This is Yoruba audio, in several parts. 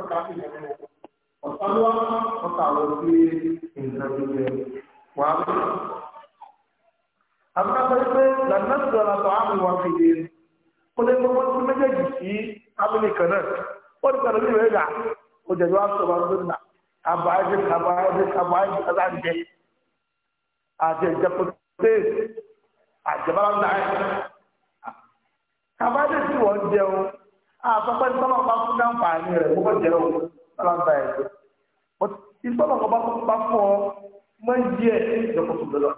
ọkà sí ìyẹn mọ ọ̀sán ló wá ọkà lọ sí nǹkan tó yẹ wà á. àbúrò sọ pé lànà sọ̀rọ̀ àtọ̀ àmì wà fi yé kó lè gbọ́ wọ́n tún méjèèjì sí abúlé kan náà wọ́n ti sọ̀rọ̀ nílùú ẹ̀gà ó jẹ̀bi wá sọ̀rọ̀ àdúgbò náà àbáyé àbáyé àbáyé aláǹjẹ àjẹjẹpọ̀tẹ́ àjẹbára náà àbáyé tí wọ́n jẹun àtọ́pẹ́ tọ́lọ́ bá fún dáǹfààní rẹ̀ kó bọ́jẹ́ o tọ́lá ń ba ẹ̀ jẹ́ but ìtọ́lọ́ bá fún bá fún ọ mọ iye ẹ̀ ìjọkọ̀tù lọ́lọ́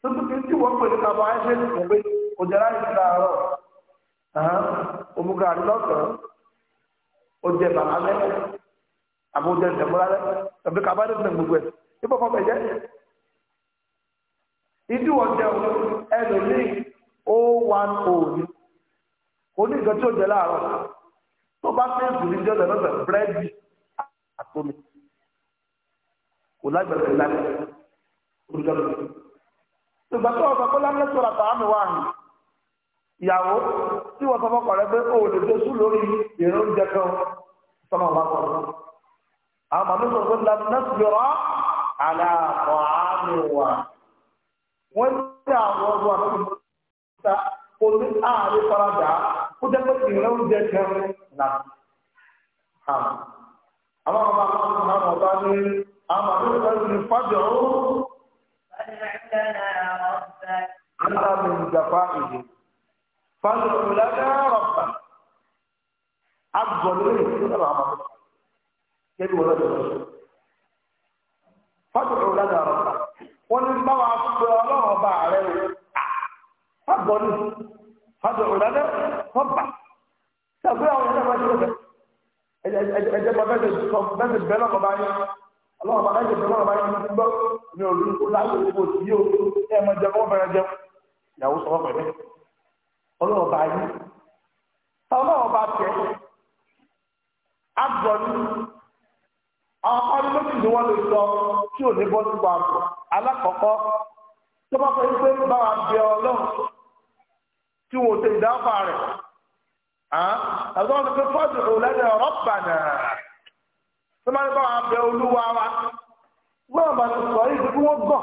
tuntun kì í tí wọ́n pè ní kaba ẹgbẹ́ tuntun pé kò jẹ́ láyé ti láàárọ̀ òmùgà àdúlọ́sàn ó jẹ bàbá lẹ́kọ̀ọ́ àbójẹ ìdẹ̀mọ́lá lẹ́kọ̀ọ́ tàbí kaba lẹ́kọ̀ọ́ gbogbo ẹ̀ ibò fọ́ bẹ̀jẹ́ ìdí wọ́n jẹun ẹlòmíì ó wà ní òòlù onígbà tí ó jẹ láàárọ̀ tó bá fẹ́ ìsòrí jẹ́ ọ̀dọ̀ lọ́sẹ̀ búrẹ́dì àtomi kò lágbẹ̀rẹ̀ lálẹ́ olùjọ́ lọ. ìgbà tó ọ̀sán kó lámúlẹ̀ sọ̀rọ̀ àtàwọn wà ní ìyàwó tí wọ́n sọ fọ́kọ̀ rẹ pé o ò lè dé sùn lórí ìrìn oúnjẹ kan sọ́nà ọ̀bá kan. àwọn màmí sọ̀rọ̀ pé lámúlẹ̀ sọ̀rọ̀ àlàkọ̀ àmì wà. wọ́n ní àwọn ọgbọ́n àti ìmọ̀ ó jẹ́ pé ìrìn oúnjẹ kẹrin nà Àwọn ọba àwọn ọmọ àwọn ọba ní àwọn àdúgbò ẹ̀rù ní fájọ ó. Àlá mi ń jàpá ìdè. Fájọ fàtò ọ̀làdà fọ́pà ṣàgbé àwọn ẹ̀jẹ̀ bá ṣẹlẹ̀ ẹ̀jẹ̀ bá bẹ́ẹ̀ sọ bẹ́ẹ̀ bẹ́ẹ̀ lọ́kọ̀ bá yẹn ọlọ́wọ́ bá bẹ́ẹ̀ bẹ́ẹ̀ lọ́kọ̀ bá yẹn ti gbọ́ ní òru láti ìbò tí yóò ẹ̀ mọ jẹun wọ́n bẹ̀rẹ̀ jẹun ìyàwó sọ wọ́n pẹ̀lẹ́ ọlọ́wọ́ bá yẹn ọlọ́wọ́ bá tẹ̀ agbọ̀n àwọn ọmọdé méjì ni wọ́n lè sọ tí ò ní bọ́ nípa àgbọ̀ alákọ̀ọ́kọ́ tó bá fẹ́ gbé bá wa bẹ ọlọ́run tí wọn ò ṣe ìdáfà rẹ̀ àgbà wọn fi fọ́ọ̀dù òlẹ́dẹ̀ rọ́bà náà tó máa ń bá wọn bẹ olúwa wa wọn àbá ti sọ yìí kí wọn gbọ́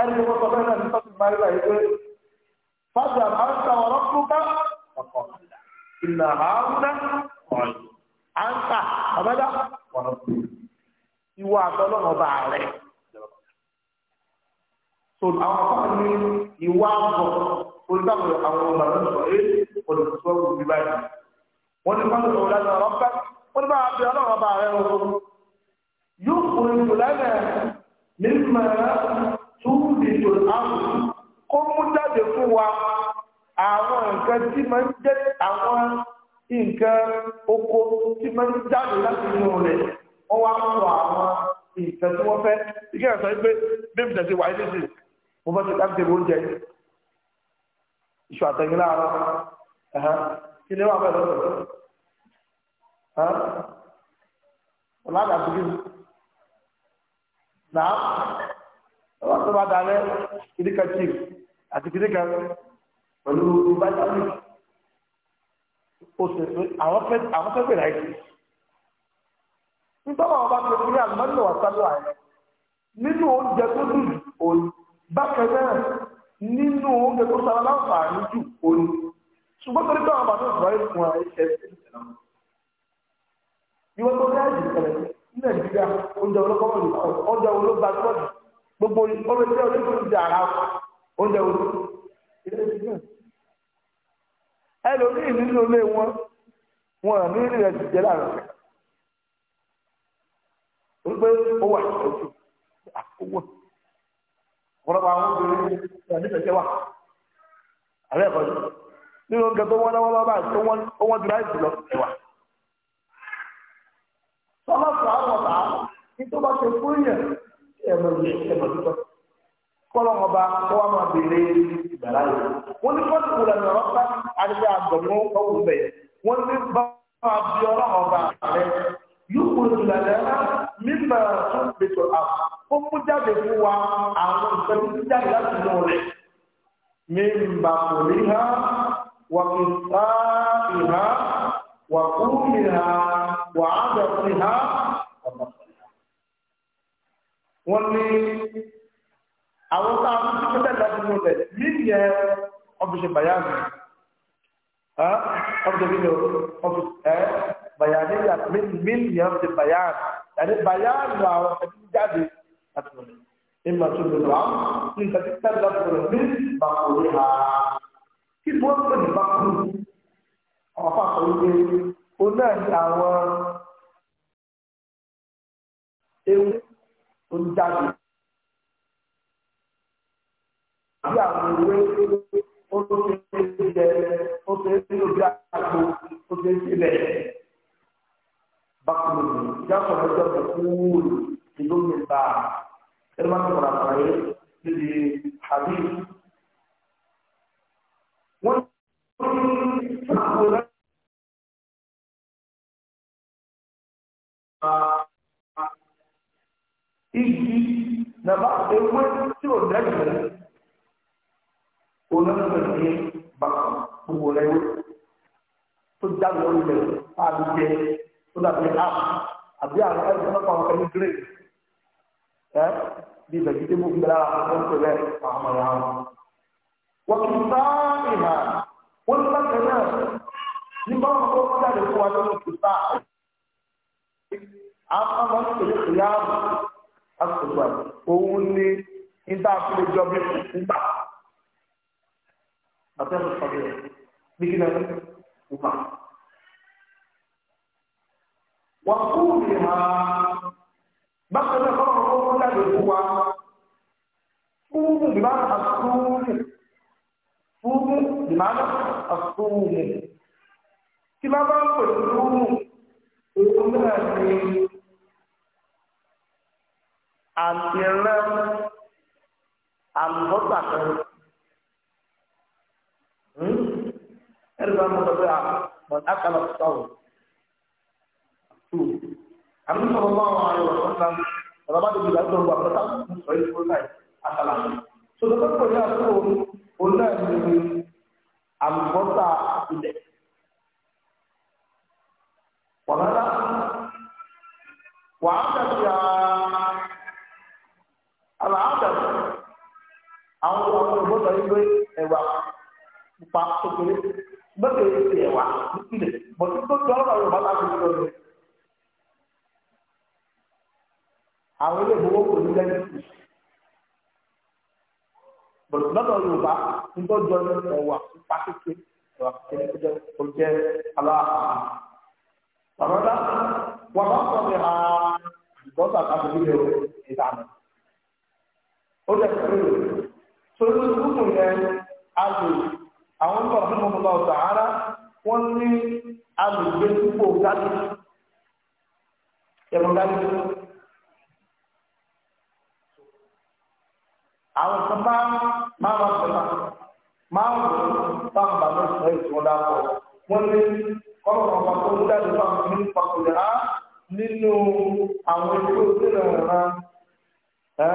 ẹni tí wọn sọ bẹ́ẹ̀ náà ní sọ́ọ̀tù máa rà yìí pé fọ́ọ̀dù àbáńtà ọ̀rọ̀ fún bá ọ̀pọ̀ ìlà àárúnà ọ̀yìn àǹtà ọ̀bẹ́dá ọ̀rọ̀ fún ìwọ àtọ́lọ́mọ̀ bá rẹ̀ tó àwọn ìwà àbọ̀ olùtàwọn àwọn ọmọ rẹ sọ é olùsọ òbí báyìí wọn ní fáwọn ọmọ lánàá ọpẹ́ wọn ní báwọn abẹ Ọlọ́run ọba rẹ wọn yóò fún ìlú lẹnà nígbà túbí tó àwọn kó mú jáde fún wa àwọn nǹkan tí máa ń jẹ àwọn nǹkan oko tí máa ń jáde láti inú rẹ wọn wá ń sọ àwọn nǹkan tí wọn fẹ́ ìkẹyà sọ pé bí mi tẹsí wáyé nísìnyí mo fẹ́ iṣu àtẹ̀yìn láàárọ̀ kí ni wà bẹ́ẹ̀ lọ́dọ̀ ọ̀làdà tó dìbò náà ọ̀là tó bá dalẹ̀ kìdíkà chief àti kìdíkà pẹ̀lú vitamin oṣù àwọn fẹ́ bẹ̀rẹ̀ àìsí nítorí àwọn bá tó ní àlùmọ́nì wà sálọ àyẹ nínú oúnjẹ tó dùn òun bákan náà nínú oúnjẹ tó sára láǹfààní jù oní ṣùgbọ́n torí pé àwọn bàbá ìbáyé fún wa ẹ̀ṣẹ̀ ìwọ́n tó rẹ́ àjù kẹlẹ̀ ní nàìjíríà oúnjẹ olókọ́wọ́ lè kọ́ oúnjẹ ológbàgbọ́ gbogbo ọ̀rẹ́ tí ọdún tó ń di ara oúnjẹ olókọ́ ẹlòmíì nínú ilé wọn wọn ní ìrìn rẹ̀ jìjẹ́ láàrin rẹ̀ wípé ó wà ìtọ́jú àkówó ọ̀pọ̀lọpọ̀ àwọn obìnrin ẹ̀ nífẹ̀ẹ́ wà àbẹ́ ẹ̀kọ́ nínú oúnjẹ tó wọ́n lọ́wọ́ báyìí tó wọ́n ti ráìsì lọ ẹ̀wà. sọ́lá fún àwọn ọ̀tá ní tó bá ṣe fún yẹn ẹ̀mọ̀ yẹn ẹ̀mọ̀ tó tọ́. kọ́lọ́ ọba tó wà máa béèrè ìgbàlá yìí. wọ́n ní kọ́ọ̀tù kúrẹ̀ ní ọ̀rọ̀ pa àdìgbà àgbọ̀mọ́ ọ̀hún bẹ̀. wọ́n ní bá máa bí ọlọ́ ọba rẹ̀ yóò kúrò ó mú jáde fún wa àwọn nǹkan tó jáde láti inú rẹ̀ mi ń bà kò ní ha wà kì í sá ìhá wà kú ìhá wà á bẹ̀ sí ha ọ̀nà wọ́n ní àwọn tá a fi tó jáde láti inú rẹ̀ níyẹ ọ̀fíìsì bàyáàmì ọ̀fíìsì bàyáàmì ọ̀fíìsì bàyáàmì ọ̀fíìsì bàyáàmì yàtọ̀ bàyáàmì yàtọ̀ bàyáàmì àwọn ọ̀fíìsì jáde. أكمل إما تبدو العام من تتكلم من بقولها كيف وصل البقول أعطاك ويقول هناك أعوان ewu tó ń jáde àbí àwọn ewé ó tó ṣe é jẹ ó ṣe é sí lóbi àgbo ó ṣe é ẹgbẹ́ tó kọ̀ọ̀rọ̀ àpàrà yìí níbi hadith. wọ́n ní àwọn ọ̀rẹ́ igi nàbà ewé tí ò dẹ́gbẹ̀ẹ́ onáfẹ́ ní bàbá gbogbo rẹ̀ wé tó jáde lórí rẹ̀ fáàbí jẹ tó dàbí app àbí àwọn ẹgbẹ́ tó kọ̀ọ̀rọ̀ pẹ̀lú grace ẹ bí vegetable ń bẹ̀rẹ̀ àwọn tó rẹ̀ àwọn ọ̀rọ̀ àwọn. wọ́n ti sá ìhà wọ́n ti bàtẹ̀ náà ní bá wọn kó wọ́n jáde fún wa lọ́wọ́ ti sá. àwọn ọmọ ní tòlé tòlé ààbò àti òun ní níta àfihàn ìjọ bí nígbà. bàtẹ́ mi sọ̀rọ̀ yẹn bí kí náà ń bá. wọ́n kú ìhà bákan náà kọ́ kuwa fumu bimana asumu fumu bimana asumu tí bá bá ń pè ní fumu òun náà ni àtìrán àlùbọ́sà kan hmm? ẹ̀rọ bá mọ̀ lọ́wọ́ àwọn akálọ̀ sọ̀rọ̀ àmì sọ̀rọ̀ bá wà á lọ And about the Bilato, Wapata, very full life, Asala. So the first prayer is to Ulla and Bota Ide. Wamata, Wamata, Alada, àwọn àwọn ìbọ̀dọ̀ ìgbé ẹ̀wà pupa kékeré mẹ́tẹ̀ẹ́ ẹ̀wà nípìnlẹ̀ bọ̀dọ̀ tó dọ́rọ̀ Yorùbá àwọn ilé ìfowópamọ́ ní lẹ́yìn bọ̀dọ̀ lọ́dọ̀ yorùbá ńdọ́jọ́ ẹ̀wà pípa kékeré ẹ̀wà kékeré tó jẹ́ aláàbò bàbá wọn bá sọ pé àgbọ̀sà tàbí ilé ìdáná ó jẹ́ pé sórí ìlú yẹn alò àwọn ń bọ̀rọ̀ fún ọmọ ọ̀sà ara wọ́n ní alò gbé púpọ̀ gáàdì ẹ̀rọ gáàdì àwọn kan bá máa ma sọ̀rọ̀ máa ń wò sáǹbà ní ìsìn ìsìn ọ̀dà pọ̀ wọ́n ní kọ́lọ̀ ọ̀pá tó ń jáde fáwọn ní pàkóyà á nínú àwọn ẹgbẹ́ òṣèlú ọ̀ràn ẹ́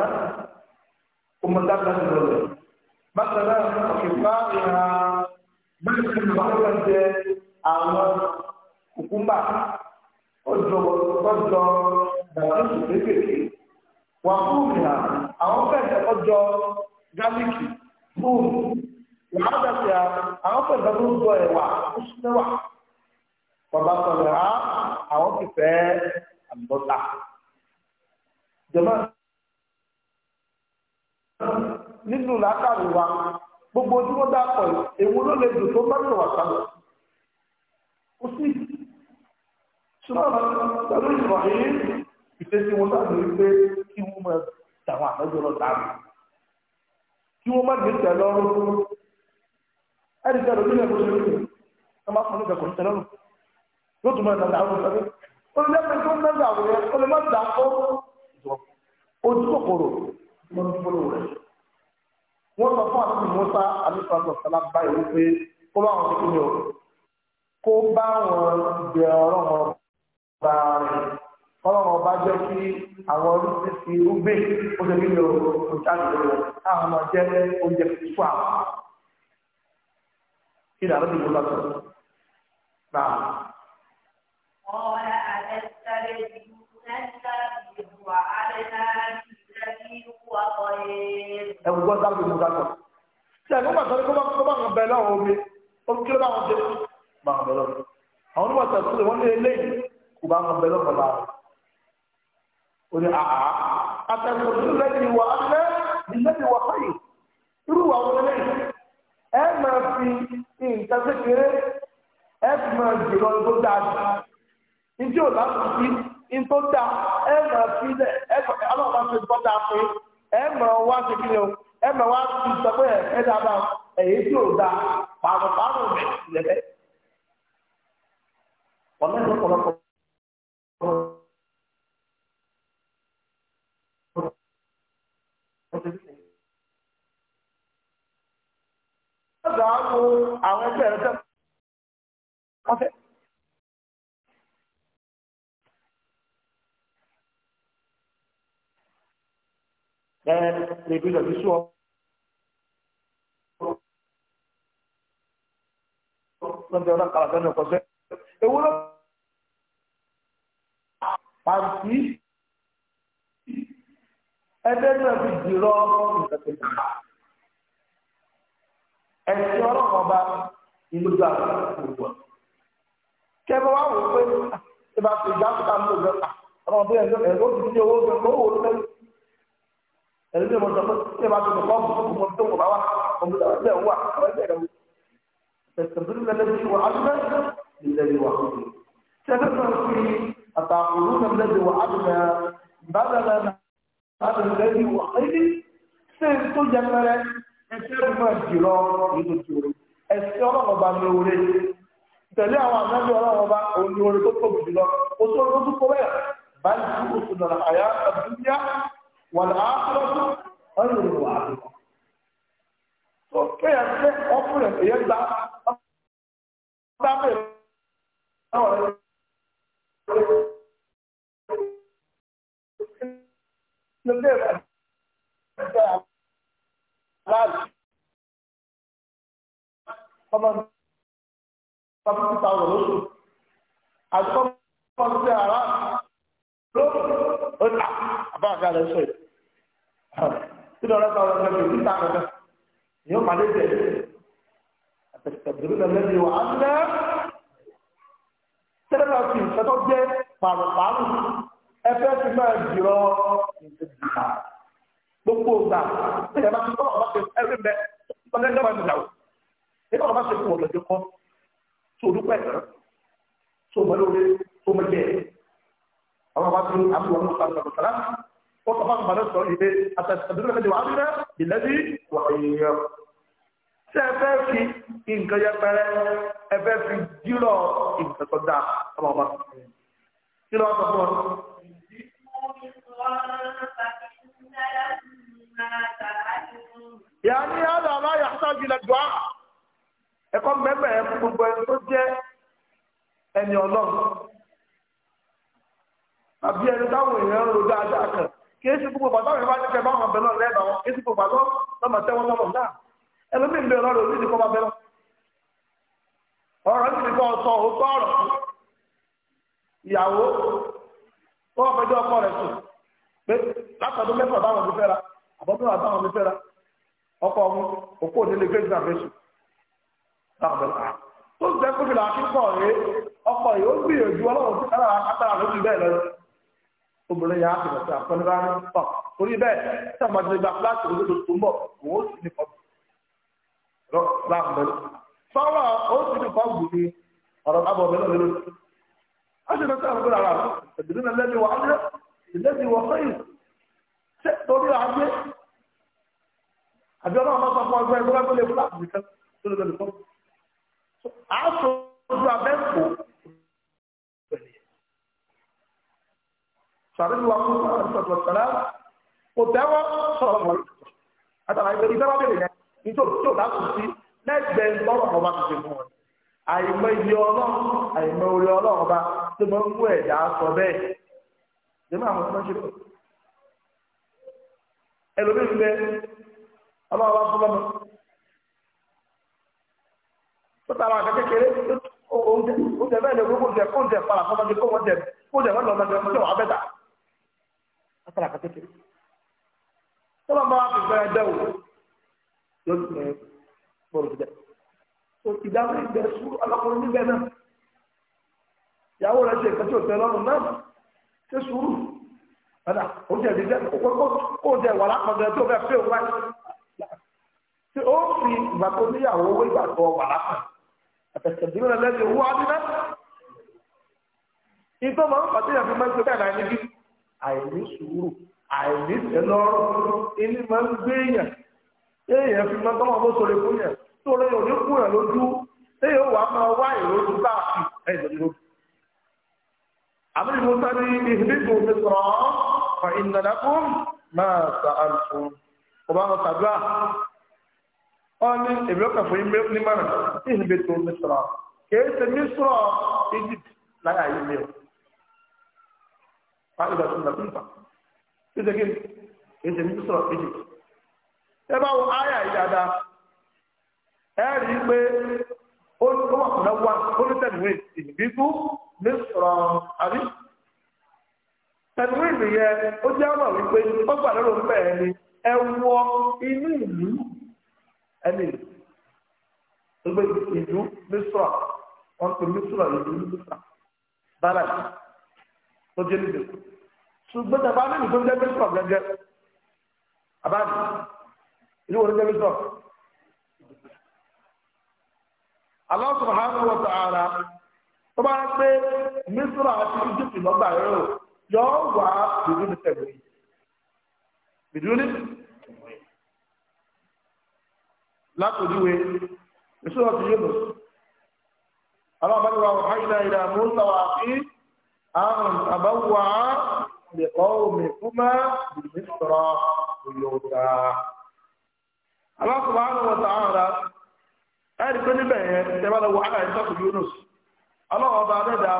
ọmọdébà ní ìrọ̀lẹ́ bákan náà ọ̀kẹ́fà ìhà bẹ́ẹ̀ sì ni wọ́n fẹ́ jẹ àwọn kùkúmbà ọjọ́ ọjọ́ bàbá ìsìn wà fún ìhà àwọn fẹ̀sẹ̀ ọjọ́ gámìkì fún làwọn fẹ̀sẹ̀ àwọn fẹ̀sẹ̀ tó ń jọ ẹ̀wà kúṣúmẹ́wà bàbá sọ̀rọ̀ á àwọn ti fẹ́ àbọ̀tà jọba nínú làákàrí wa gbogbo tí wọ́n dápọ̀ èwo ló lè dùn tó bá lè wà sálọ kò sí ṣùgbọ́n pẹ̀lú ìrọ̀lẹ́ ìfẹsí wọn láti rí pé kí wọ́n máa tàwọn àtọ́jú lọ tààmù kí wọ́n má gbé tẹ̀lé ọrùn fún ẹni tẹ̀lé ojú ẹ̀kọ́ ṣe lóye ẹ má fún ìgbẹ̀kọ̀ tẹ̀lé ọrùn yóò tún mẹ́ta àwọn ìfẹ́lẹ́ ó lè mẹ́ta tó mẹ́ta àwọn yẹn ó lè má dà ó ojú kòkòrò ló ń fọlọ́ rẹ̀ wọ́n sọ fún àti Musa alifasọ sọlá báyìí wípé kó bá wọn kí ni o kó bá wọn bẹ wọn bá kọ́lọ́mọ bá jẹ́ kí àwọn oríṣi ti rúgbé ó ṣe nílò ìjáde lọ káwọn ọmọ jẹ́ oúnjẹ fífọ́ àwọn kí ni àlọ́dún ìlú bá sọ. Náà. قال أتستبدلون الذي هو أدنى بالذي هو خير. ẹ gbọ́ sábà ìlú bá sọ. ṣé ẹ̀ ló máa sọ pé kó bá ń bẹ lọ́wọ́ omi ó kí ló bá wọn ṣe. bá ń bẹ lọ́wọ́ àwọn onímọ̀ sọ̀rọ̀ wọ́n lé eléyìí kò bá ń bẹ lọ́wọ́ láàrin orí àhà àtẹ̀kùn tó lẹ́yìn ìwà alẹ́ ìlẹ́yìn ìwà fẹ́yì irú wà wọlé lẹ́yìn ẹ máa fi nǹkan kékeré ẹ fi máa jùlọ tó dáa jù njẹ́ ò lásìkò sí n tó dáa ẹ máa fi lẹ̀ ẹ ọlọ́ọ̀bá fi gbọ́ dáa fún ẹ máa wá sí kí ni o ẹ máa wá sí ìsọgbẹ́ ẹ ẹ dábàá ẹ̀yẹ tí ò dáa pàrọ̀pàrọ̀ rẹ̀ lẹ́lẹ́. wọ́n lẹ́yìn ọ̀pọ̀lọpọ̀ ṣàánú àwọn ẹgbẹ́ rẹ̀ tẹ́ wọ́n fẹ́. ẹ lè bí lọ sí sùn ọ. lọ́dọ̀ ọ̀nà kàlà sẹ́nu ọ̀kọ̀ sẹ́. Ewu ló pàǹtí ẹgbẹ́ náà fi dìrọ̀ ọmọ ìgbàgbọ́ ẹ̀sìn ọlọ́pàá bá ìlú gbà gbogbo kẹfọ wa wò pé ah, ẹ bá fi ìdáfúta ń lò lọ ọmọ bí ẹjọ́ ẹjọ́ ti di owó ọjọ́ owó ló fẹ́ ẹjọ́ bí mo sọ pé ṣé ẹ bá tó kọ ọmọ tó kọ bá wà ọmọ tó kọ wà ọmọ ẹgbẹ́ rẹ wò ẹsẹ̀dúró lẹ́lẹ́ bí wà ádùnà nílẹ̀ bí wà kúrò ṣé ẹgbẹ́ kan fi àtàkùrú lẹ́lẹ́ bí wà ádùnà bàbá lẹ́nà ádùnà lẹ́lẹ́ bí wà ẹni ṣé tó jẹ mẹ́rẹ́ ẹsẹ̀ ìgbìmọ̀ ìjìrọ̀ nínú ti orí ẹsẹ̀ ọlọ́run ọba ní orí tẹ̀lé àwọn àmọ́bí ọlọ́run ọba òun ní orí tó tóbi jùlọ ó tó ló tó kọ́wẹ́ báyìí tí ó sùn lọ́la àyà àdúgbìyà wà ní àkọ́lọ́tún ọ̀rọ̀ ìrìn wà tó kéèyàn fẹ́ ọkùnrin èyẹ gba ọ̀pẹ́ ọ̀rẹ́ Thank you láàbì ọmọ ọmọ títà ọ̀rọ̀ lóṣù àti ọmọ ọmọ sí ara lóṣù ó ní àbá àgbà rẹ̀ sọ yìí tí lọ́rọ̀ sọ ọ̀rọ̀ rẹ̀ títà rẹ̀ yóò pàdé jẹ àtẹ̀tẹ̀dúró lẹ́lẹ́ ni wà á lẹ́ tẹ́lẹ̀ sí ìfẹ́tọ́ jẹ́ pàrọ̀pàrọ̀ ẹfẹ́ ti máa jùlọ ìdíjìlá gbogbo ìgbà ṣe ìyàbá tó tọ́lọ̀ bá ṣe ẹrí mbẹ ọdún ẹgbẹ́ mi dàwọ̀ ẹgbẹ́ ọ̀rọ̀ bá ṣe fún ọ̀lọ́jọ́ kọ́ tó o dúpẹ́ ẹ̀rọ tó o mọ lóore tó o mọ jẹ́ ọ̀rọ̀ bá tún àbúrò ọ̀rọ̀ sọ̀rọ̀ sọ̀rọ̀ sọ̀rọ̀ ó sọ fún àbúrò sọ̀rọ̀ yìí pé àtàdúró ẹ̀mẹ́jọ wà á ìlẹ́bí wà èèyàn ṣé ẹ fẹ́ fi nǹkan yẹpẹrẹ ẹ fẹ́ fi jírọ̀ nǹkan tó dáa ọmọ ọba kí ló wá sọ fún ọ. ya yàrá aláyà sáájú ilẹ̀ dùá ẹ̀kọ́ mẹ́mẹ́ gbogbo ẹni tó jẹ́ ẹni ọlọ́run àbí ẹni táwọn èèyàn ń ro dáadáa kan kí esi gbogbo bàtà òyìnbá ní kẹ báwọn abẹ náà lẹ́ẹ̀bà wọn kí esi gbogbo bàtà lọ́mọ tẹ́wọ́n lọ́mọ náà ẹlòmíì bẹ òní nìkan bẹ lọ ní nìkan ìyàwó tó wà ọkọ sùn pé báwọn ti fẹ́ ra àbọ̀dọ̀ àbáwọn mi fẹ́ra ọkọ ọmọ òkú onílé grace salvation láàbẹ̀ náà tó ń jẹ́ kófìlà akíkọ̀ rẹ̀ ọkọ̀ yìí ó gbìyànjú ọlọ́run sí kára àtàrà ló ti bẹ́ẹ̀ lọ obìnrin yà á ti sí àpẹẹrẹ rárá pọ̀ bẹ́ẹ̀ tí àwọn fúláṣí tó tó ń bọ̀ ó sì ní ó sì ní ní ọ̀rọ̀ náà ṣé torí àgbẹ̀ àbí ọlọ́run máa sọ fún ọgbẹ́ ẹgbẹ́ tó lè fún láti nìkan tó lè lọ́lẹ̀ fún. àásọ̀jú abẹ́kọ̀ọ́ sàrẹ́lú wa fún àtúntò sàrẹ́ kò tẹ́wọ́ sọ̀rọ̀ mọ́ àtàlà ìgbẹ́ ìgbẹ́ bá bẹ̀rẹ̀ yẹn nítorí tó bá kù sí lẹ́gbẹ̀ẹ́ lọ́rọ̀ ọba ti ṣe fún wọn. àìmọ̀ iye ọlọ́run àìmọ̀ ẹlòmíì ń bẹ ọlọ́wọ́ bá fún lọ́mọ tó tara àkà kékeré oúnjẹ bẹ́ẹ̀ lè gbogbo oúnjẹ kóúnjẹ para fọmọdé kóúnjẹ kóúnjẹ wọn lọ ọmọdé ọmọdé wà bẹ́ẹ̀ ta látara àkà kékeré tó lọ́mọ bá fi gbẹ́rẹ́ dẹ́wò yóò tún ẹ gbọ́dọ̀ jẹ tó ìdáhùn ìgbẹ́ sùúrù alákùnrin níbẹ̀ náà ìyàwó rẹ̀ ṣe ìkẹ́tí òtẹ́ lọ́rùn náà ṣe sùúrù. padà ó jẹ́ ìdílé kó jẹ ìwà tó tí ó fi ìgbà níyàwó owó wà lápọ̀ àtẹ̀sẹ̀dúró lẹ́yìn owó adúlá ìtọ́ máa ń máa ń gbé bẹ́ẹ̀ náà àìní sùúrù àìní máa ń gbé èèyàn fi máa tó ní kú lójú èèyàn wà máa wá bá a fi ẹ̀yìn àbúrò ìmúta ní tó fi sọ̀rọ̀ fa inna lakum máa sa'altum ọba àwọn sàdúrà ọ ní èmi ọkàn fún yín ní mọ̀nà tí ìhìn eji tó ní sọ̀rọ̀ kìí ṣe ní sọ̀rọ̀ ndị láyà yìí mi o fáwọn ìgbà tó ń dàtún fà kìí ṣe kìí ṣe ní sọ̀rọ̀ Egypt ẹ bá tẹnuwìnì yẹn ó jẹ́ ọmọ wípé ó gbà lọ́rọ̀ ń bẹ̀ẹ́ ni ẹ wọ inú ìlú ẹni ìlú ìlú mísírà wọn pè mísírà ìlú mísírà bára tó jẹ́ níbi ṣùgbọ́n tàbá nínú tó jẹ́ mísírà gẹ́gẹ́ abáàdì ìlú wọn jẹ́ Allah subhanahu wa ta'ala yóò wá bìdú ní tẹ̀wé bìdú ní tẹ̀wé látòjúwe èso ọ̀tún yóò lọ àwọn àbájọ wa wàhálà ìlà ìlà mọ́tà wà fi àrùn àbáwà lẹ́kọ́ omi kúmá bìdú sọ̀rọ̀ òyòòta alákùnrin àwọn ọ̀tá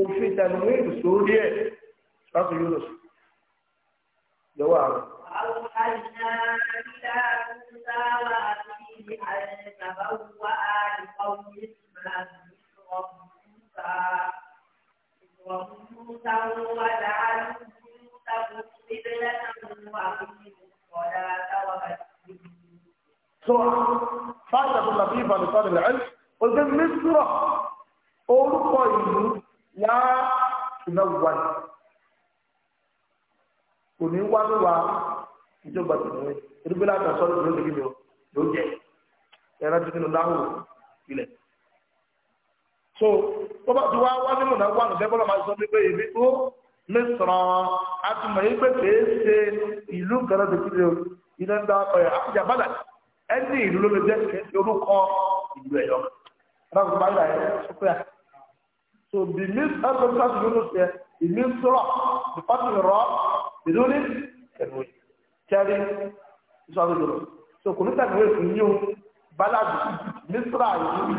òfin tẹnumẹ́ẹ̀lì sórí ẹ̀ láti yóò lọ sí lọ́wọ́ àrùn. أوحينا إلى موسى وأخيه أن تبوأ لقومهما مصر موسى وموسى وجعلوا بيوتهم قبلة وأقيموا الصلاة وبشروا سورة فاتح اللطيفة لطالب العلم قلت مصر orúkọ ìlú yaa tunawwan kò ní wá ló wa ìjọba tó wẹ irúgbó láti ọsọ ló ló dégé ló ló jẹ ẹran tó nínú láhùn ilẹ̀ so tó bá ti wá wá nínú náà wà nùbẹ́ bọ́lá máa sọ pé ebi ó mísọ̀rọ̀ àtúmọ̀ yìí pé kèé ṣe ìlú gánà tó kílẹ̀ iná ń dá ẹ̀ àkújà bàdà ẹni ìlú ló lè jẹ́ So the means of contrast Yunus here, it means rock. The part of rock, the ruling, can we carry this other Yunus. So kò ní tàbí wẹ́ẹ̀ fún yíò balaji mísírà yìí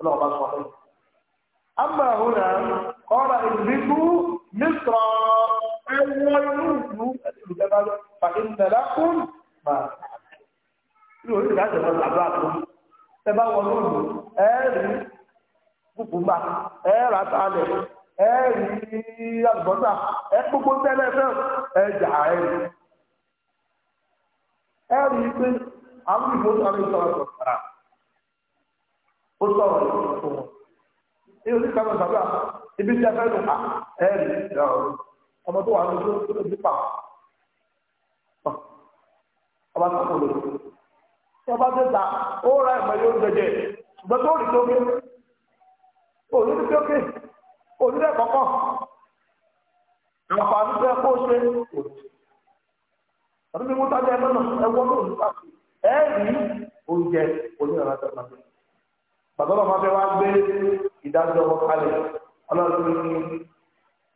ọlọ́ọ̀bá sọ ọ́nà. Àmà ìhùnà ọ̀rọ̀ ìlú mísírà ẹwọ́ inú ìlú ẹ̀dùnkẹ́bá lọ fà ìnàlá fún mà. Ìlú orí ìdájọ́ lọ sàdúrà kùkùmbà ẹ rà tá a lẹ ẹ rí àlùbọ́sà ẹ gbogbo tẹ́lẹ̀ fẹ́ ẹ jà ẹ rí ẹ rí i pé àwọn ìbò tó àwọn ìsọ̀rọ̀ sọ̀rọ̀ ó sọ̀rọ̀ sábà ibi tí a fẹ́ lò ẹ rí i ọmọ tó wà ní ojú tó lè pa ọba tó ọba tó ta ó ìmọ̀ yóò jẹjẹ ṣùgbọ́n tó rí òní tó kéèké òní rẹ̀ kọ́kọ́ àǹfààní tó yẹ kó o ṣe òní. àdúgbò mú tájà ẹ mọ́nà ẹ wọ́n lóòrùn káàkiri ẹ oúnjẹ onírànà tó máa bẹ. bàbá bàbá fẹ́ wá gbé ìdájọ́ ọkọ kalẹ̀ ọlọ́run ní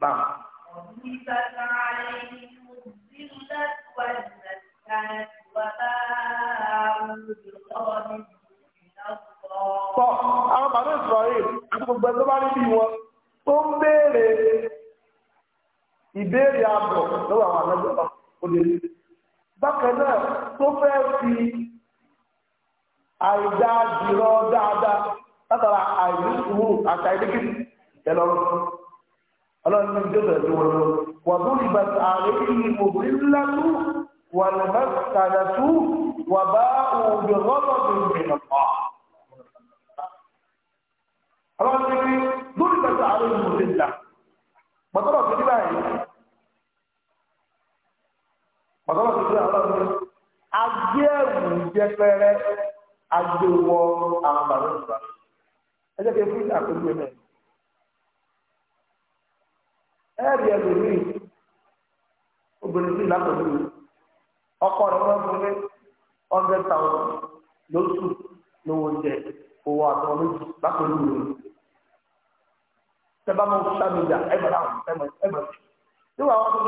náà. Thank you tọ́ àwọn bàbá Israel àti gbogbo ẹ̀ tó bá rí bí wọn tó ń béèrè ìbéèrè àbọ̀ lọ́wọ́ àwọn àlọ́jọba olèlú bákan náà tó fẹ́ fi àìdá jùlọ dáadáa látara àìlúsùwò àti àìdíkì ẹlọ́run ọlọ́run ní jọ́sẹ̀ tó wọ́n lọ wà tó lè bá ààrẹ yìí obìnrin ńlá tó wà lè bá tàdà tó wà bá òògùn rọ́bọ̀ tó ń bẹ̀rẹ̀ pọ̀. yẹpẹrẹ agbéwọ àwọn bàbá ìgbà ẹ jẹ́ kí n fún ìjà pẹ̀lú ẹ̀ ẹ̀rí ẹlòmíì ọkọ rẹ̀ wọ́n fún ní hundred thousand lóṣù lówó oúnjẹ owó àtọ́ méjì àwọn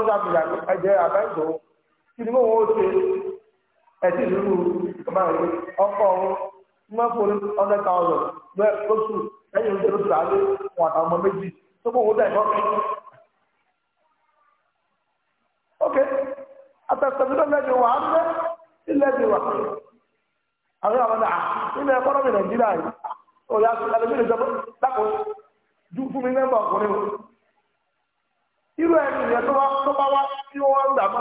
àwọn kí ni mo ṣe. ẹtì lulu, ọba òwe ọkọ ọhún wọn fún ọdẹ káwọn lọ lóṣù lẹ́yìn oṣù lóṣù àlẹ wọn àtàwọn ọmọ méjì tó kó owó dà ìbọn kí. ok àtàkùnrin lẹ́jọ wà á mẹ́ ilé ẹ̀jẹ̀ wà àwọn àwọn náà nínú ẹ̀kọ́nọ́mì nàìjíríà yìí òyà àlejò lè jọba dákò ju fún mi mẹ́mbà ọkùnrin o irú ẹ̀yìn ìyẹn tó bá wá tí wọ́n ń dààmú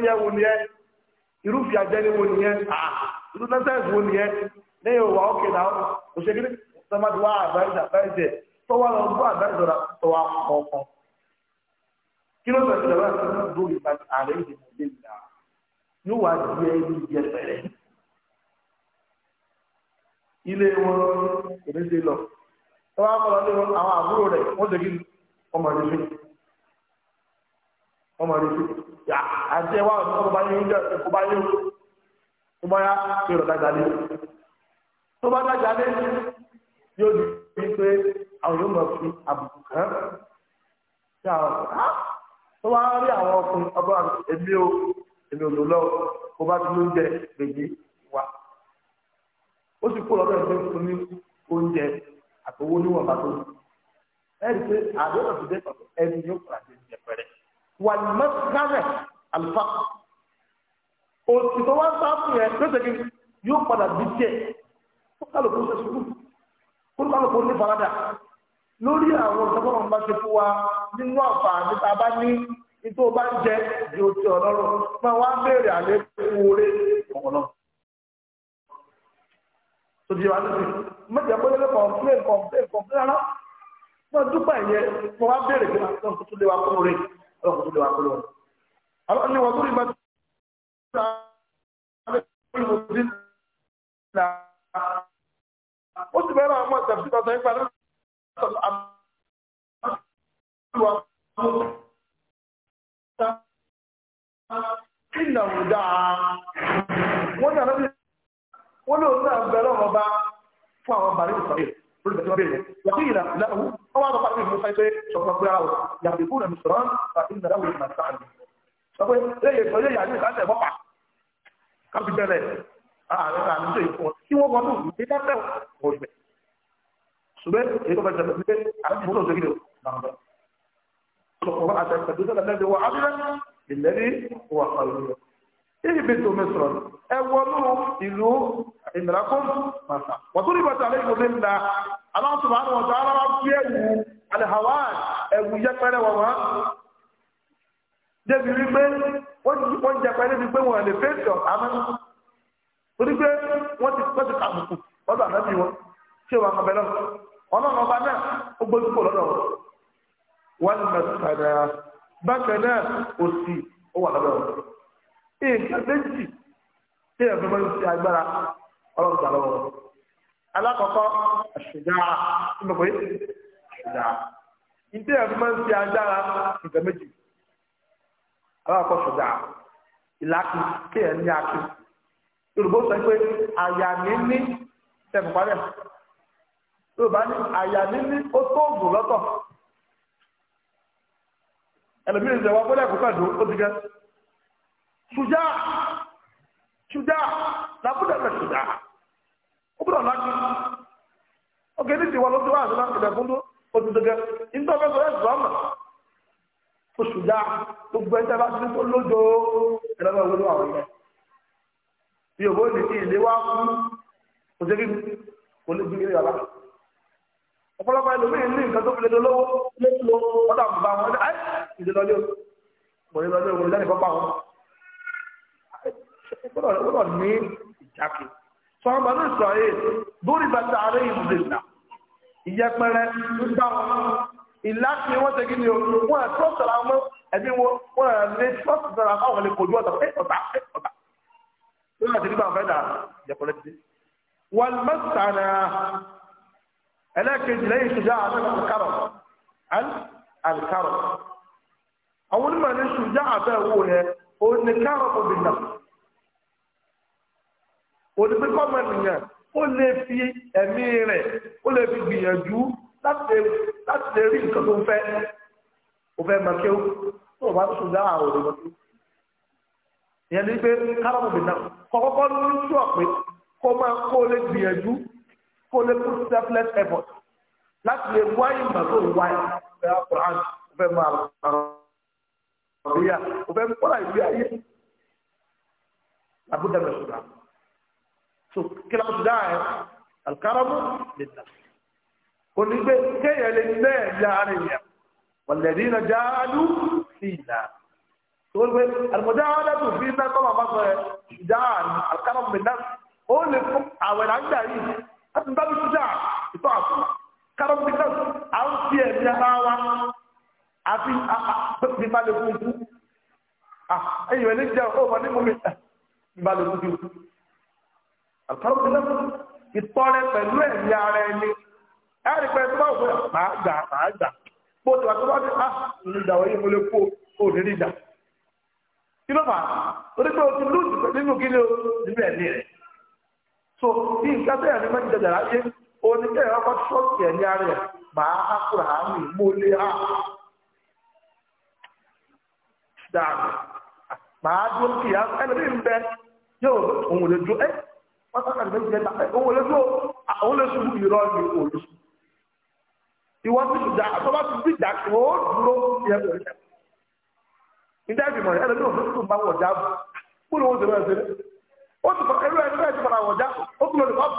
rẹ̀ ẹ̀ irúfẹ́ ajẹ́lé wo nìyẹn ah, irú lẹ́sẹ̀sì wo nìyẹn lẹ́yìn òwà ókè náà òṣèlú sọmọdé wa àgbáyé àgbáyé tọwọ́ lọ gbọ́ àgbáyé sọ̀rọ̀ tọwọ́ kọ̀ọ̀kan kí ló sọ ìjọba ìjọba dùn ìgbà ààrẹ ìdìbò lè gbà yóò wá di ẹni di ẹsẹ̀rẹ̀ ilé wọn kò ní ṣe lọ tọwọ́ akọ̀lọ́ ní àwọn àbúrò rẹ̀ wọ́n ṣe kí ọmọ rẹ̀ ṣe ọmọ Ya, àti ẹwà ọ̀dọ́ tó bá yẹ ń jẹ kó bá yẹ kó bá yá pé ọ̀dọ́ dájà lé tó bá dájà lé yóò di bíi pé àwọn yóò máa fi àbùkù kàn sí àwọn ọ̀dọ́ tó bá rí àwọn ọkùnrin ọgbà èmi o èmi ò lò lọ kó bá tún lóúnjẹ gbèjì wa ó sì kó lọ́dọ̀ ìgbẹ́ fún ní oúnjẹ àtọwọ́ níwọ̀nba tó ẹ̀rí pé àdéhùn àti dẹ́kọ̀ọ́ ẹni yóò fara ìjẹpẹrẹ wàlúmọ́sánẹ̀ àlùfà òtítọ́ wá sáfù yẹn lọ́sẹ̀ kí yóò padà bí tiẹ̀ kó kálukú ṣe sùúrù kó kálukú ní faradà lórí àwọn ìṣẹ́fọ́ wọn bá ṣe fún wa nínú àǹfààní tá a bá ní nítorí o bá ń jẹ di ojú ọlọ́run máa wá béèrè àlẹ́ fún oore ọ̀pọ̀lọ́. Sọ̀dí wa lóde, mẹ́jọ pé lẹ́lẹ́ kọ̀ọ̀pẹ́ kọ̀ọ̀pẹ́ kọ̀ọ̀pẹ́ rárá, máa dúpọ̀ ẹ̀yẹ, mo wá béèrè kí wọ́n tó lé wa fún oore ọlọ́run tó lè wà pẹ̀lú wọn. àwọn ni wọ́n tó rí bàtà ó ti bẹ́ẹ̀ àwọn ọ̀sẹ̀ tó sọ nípa lọ́wọ́ ìnáwó dáa wọ́n ní àlọ́ bí wọ́n lóun náà bẹ̀rẹ̀ ọ̀rọ̀ bá fún àwọn bàrẹ́ ìsọ̀rọ̀ olùbẹ̀tọ́ bẹ̀rẹ̀ wàkí ìlà ìlàwó ọwọ́ àwọn pàtàkì ìlú sáyẹ́ pé ṣọ̀kan pé àwọn yàtìkú nà mùsùlùmán àti ìnàdáwò ni sọ pé lẹ́yìn ìsọyé yàrá ìsàlẹ̀ mọ́pà káfí bẹ̀rẹ̀ ààrẹ ah, àmì tó ìfọ̀ kí wọ́n gbọ́dọ̀ ìdí dáfẹ́ òṣùbẹ̀ ṣùgbọ́n èyí tó bá jẹ́ pé àwọn ìmúlò òṣèlú nàmbẹ̀ ọlọ́pàá àti àtẹ̀sẹ̀ ibi tó mi sọ̀rọ̀ ẹ wọnú ìlú ìmìlẹ́kùn màsà wọ́tún ní bàtà lẹ́yìn omi ńlá aláwọ̀ tó máa ń wọ̀tá aláwọ̀ fi ẹ̀wù alihawa ẹ̀wù yẹpẹrẹ wọ̀ wọ́n. débi wípé wọ́n ti wọ́n jẹpẹ débi pé wọ́n lè fẹ́ẹ́ sọ̀ àmọ́ torí pé wọ́n ti wọ́n ti kàbùkù wọ́n tó ànábì wọn ṣé wàá kọ́ nǹkan méjì tí ẹ̀fọ́ máa ń fi agbára ọlọ́run lọ́wọ́ alákọ̀ọ́kọ́ àṣùdá tí mo ìdí ẹ̀fọ́ máa ń fi agbára méjì alákọ̀ọ́kọ́ ìlàkì kí ẹ̀ ní akí yorùbá sọ pé àyà mi ní tẹ̀fọ̀pálẹ̀ yorùbá ní àyà mi ní ó ṣùjá ṣùjá làbúdà rẹ̀ ṣùjá ó gbọ́dọ̀ lájú ọkẹ́ ní tiwọn lọ́sọ́ wáhà sọ́lá ìdá fún òtútùkẹ́ nítorí ọ̀fẹ́ sọ́lá ìdùnnú àmà ó ṣùjá gbogbo ẹ̀ńtẹ́ bá ti tó lójó ìrọ̀lẹ́ òwúrọ̀ àwọn yẹn bí òbó ní ti ìlé wá fún òṣèlú kò ní gbígbé yàrá ọ̀pọ̀lọpọ̀ ẹlòmíín ní nǹkan tó fi lè lo lówó lé lo ọ̀dà àbùbá wọn ẹ̀ ìdílọ́lé òwúrọ̀ jáde pápá wọn gbọ́dọ̀ ní ìjákè sọ̀rọ̀ bàbá ìsọ̀rọ̀ lórí bàtà ààrẹ ìmùdèlà ìyẹpẹrẹ ń bá wọn ìlà kí wọ́n ṣe kí ni o wọ́n ẹ̀ tó sọ̀rọ̀ àwọn ẹ̀mí wọn wọ́n ẹ̀ lé tó sọ̀rọ̀ àwọn ọ̀lẹ́ kojú ọ̀tà ẹ̀ ọ̀tà ẹ̀ ọ̀tà lórí àti nígbà fẹ́ dà ìyẹpẹrẹ ti dé. wọ́n mẹ́sàn-án ẹlẹ́kejì lẹ́yìn ìṣèjá àbẹ́ àlùkárọ̀ àwọn onímọ̀ ní ṣùjá àbẹ́ wò yẹn òun ni kárọ̀ òní pé kọ́mọ ènìyàn ó lè fi ẹ̀mí rẹ̀ ó lè fi gbìyànjú láti lè rí nǹkan tó ń fẹ́ ó fẹ́ mọ kí ó tó o bá tó sùn dáhà òní mọ kí ó ìyẹn ní pé kárọ̀mù bìnnà kọ̀kọ́kọ́ ní sùọ̀ pé kó máa kó lè gbìyànjú kó lè put selfless effort láti lè wá ìmọ̀ tó ń wá ìfẹ́ àkùrán ìfẹ́ máa rọ̀ ọ̀rọ̀ ìyá ìfẹ́ kọ́lá ìfẹ́ ayé àbúdá mẹ́sùlùmí. شوف كلام داير الكرم للنفس كل بيت كي للبيت لا عليا والذين جعلوا فينا تقول بيت المجاعدة فينا طبعا مصر جعل الكرم بالنفس قول لكم عوال عندها ايه هذا باب الشجاع يطعف كرم بالنفس عوال فيه من هاوة عفين بقدي مالكوكو اه ايوه نجا هو مالكوكو مالكوكو àkàrọ̀kùnrin ìtọ́rẹ pẹ̀lú ẹ̀mí ara ẹni ẹ̀rí pẹ̀lú tó bá wù máa gbà máa gbà bó ti wà tó bá ti á ní ìdà wọ̀nyí mo lè kó o ní ìdà kí ló fà á torí pé o ti lùdì nínú kí ni o nínú ẹ̀mí rẹ̀ so bí nǹkan tó yẹ ní mẹ́tìdà jàrá yé oníkẹ́yọ̀ ọkọ̀ ṣọ́ọ̀kì ẹ̀mí ara rẹ̀ máa á kúrò àánú ìmúlé á dáa máa dún kìí ẹni bí ń bẹ wọ́n sọ́kà lè jẹ́ tàbí òun lè tó àwọn lè sùn ìrọ̀ ní òòlù ìwọ ti dà àtọ́wá ti bí dà kó dúró yẹ kó yẹ ìdá ìgbìmọ̀ yẹn lọ́dún òfin tó ń bá wọ̀ dá bù kó ló ń sọ bẹ́ẹ̀ sẹ́lẹ̀ ó ti fọ ẹrú ẹni bẹ́ẹ̀ ti fara wọ̀ dá ó tún lọ lè fọ́ọ̀bù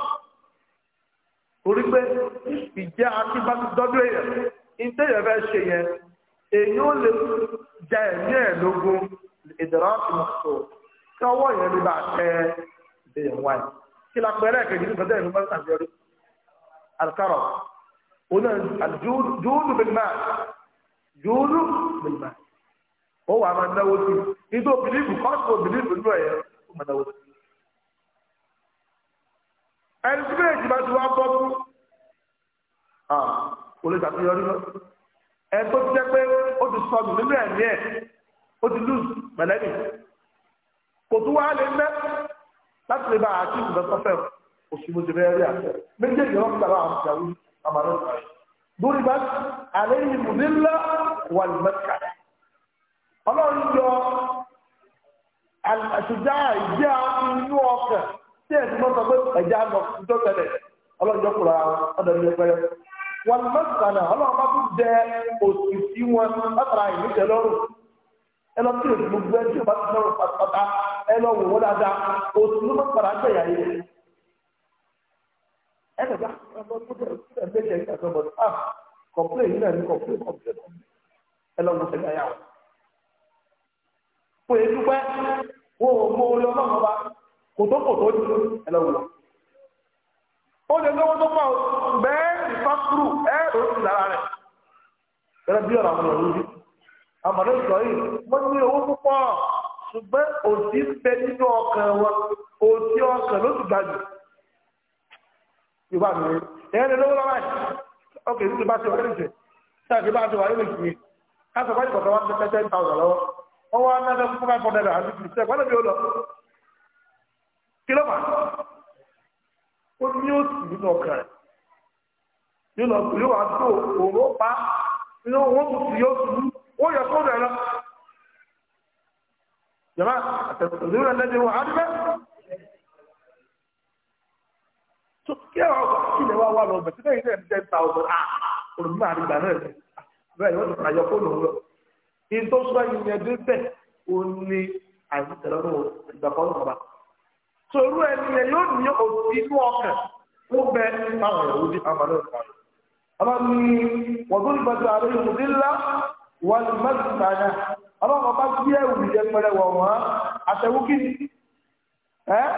torí pé ìjẹ́ àti bá ti dọ́dún èèyàn ìdá ìyẹn fẹ́ ṣe yẹn èèyàn lè jẹ ẹ̀mí ẹ̀ lógún ìdọ̀rọ̀ àti mọ̀tò kí ọwọ́ yẹn lè bá tẹ ìdè yẹn wáyé kí la pẹ̀lẹ́ kejì ní kọjá ìfúnpá àjọyọrí alikaro ona júúdù bẹ̀gbà júúdù bẹ̀gbà ó wà máa náwó sí ìdó bìlífù kọ́sìkò bìlífù nínú ẹ̀yẹ ó máa náwó sí. ẹni tí méjì bá ti wá bọ́ fún olùsàtúnyọrí lọ ẹni tó ti jẹ́ pé ó ti sọnù nínú ẹ̀mí ẹ̀ ó ti lùz mẹ̀lẹ́nì kò tún wá lè mẹ́ láti lè bá àti ìdọ́tọ́fẹ́ òṣìbòjì bẹ́ẹ̀ rí àṣẹ méjèèjì wọn kàrà àwọn ìyàwó àmàlẹ́ ìgbàlẹ́ lórí bá àlẹ́ yìí mú nílá wà ní mẹ́ta ọlọ́run yọ àṣùjá ìjẹ́ àwọn inú ọkàn tí ẹ̀sìn mọ́tò pé ẹ̀já lọ tó tẹ̀lé ọlọ́run yọ kúrò àwọn ọ̀dọ̀ ní ẹgbẹ́ wọn mẹ́ta náà ọlọ́run bá tún jẹ òṣìṣì ẹ lọ kí èdè gbogbo ẹni o bá ti sọ̀rọ̀ pátápátá ẹ lọ wò wọ́n dáadáa òtún ló má padà gbẹ̀yà yìí ẹ lọ bá ọmọ tó dẹ̀ tó dẹ̀ méjì ẹ̀yìn àti ọmọ tó ah kọ̀pléè yìí náà ní kọ̀pléè kọ̀pléè ẹ lọ wò sẹ́yà yà wò. fún èyí dúpẹ́ wo mo lọ lọ́wọ́ wa kòtó kòtó ni ẹ lọ wò. ó lè lọ́wọ́ tó pọ̀ bẹ́ẹ̀ ìfọ́kúrú ẹ̀ẹ́dọ̀ ó sì lára rẹ̀ gẹ́gẹ́ bí ọ̀rọ̀ àwọn ọ̀rọ̀ àmọ̀lẹ́ sọ yìí wọ́n ní owó púpọ̀ ṣùgbọ́n òsì ń bẹ nínú ọkàn wọn òsì ọkàn ló ti gbàgbé ìwà mi ẹ̀yẹ́ ni lówó lọ́wọ́ yìí ọkọ̀ èyí ti bá ti wà nílùú sáàkì bá ti wà nílùú ìsìn káṣọ bá ti kọ̀ọ̀kan wá ti pẹ́ ten thousand lọ́wọ́ wọ́n wá ń dáná fún five hundred and fifty sẹ́ẹ̀ wọ́n lè lọ kí ló fà ó ní òsì nínú ọkàn nínú ọkùnrin wà tó òun pa nínú wọn kò yóò tún ó yẹ kó rẹ̀ lọ. jama àtẹ̀síwò ẹlẹ́dẹ̀ wọ adúlẹ̀. tó kí ẹ wá kí ilẹ̀ wá wà lọ bẹ̀ síbẹ̀ yìí ní ten thousand ah olùmọ̀ àdìgbà náà rẹ̀ bẹ́ẹ̀ yóò tún àyọkó lòun lọ. in tó sọ ìyẹn dé bẹ́ẹ̀ ó ní àìsítẹ̀lọ́rùn ìgbàkọ́ lọ́wọ́ bá. sòrú ẹni yẹn yóò ní òsì inú ọkàn ó bẹ báwọn ìyàwó di àmàlẹ́ ìpàdé. àmàlẹ́ wọ́n tó ń gbàdúrà wọ́n mẹ́sàn-án ọlọ́run bá gbé ẹ̀wù yẹpẹrẹ wọ̀ wọ́n àtẹ̀wù kí ni ẹ́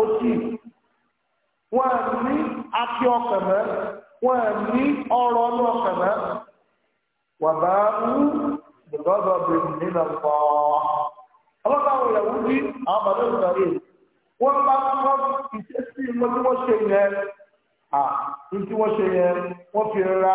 òtí wọ́n ní akí ọkàn mẹ́ wọ́n ní ọrọ̀ ọlọ́ ọkàn mẹ́ wà bá mú gbọ́dọ̀ bẹ̀rù nínú ọ̀pọ̀ ọlọ́run àwọn ìyàwó ní àwọn bàbá ìsọ̀rí wọ́n bá kọ́ ìṣesí wọn ṣe yẹn à ní tí ṣe yẹn wọ́n fi ra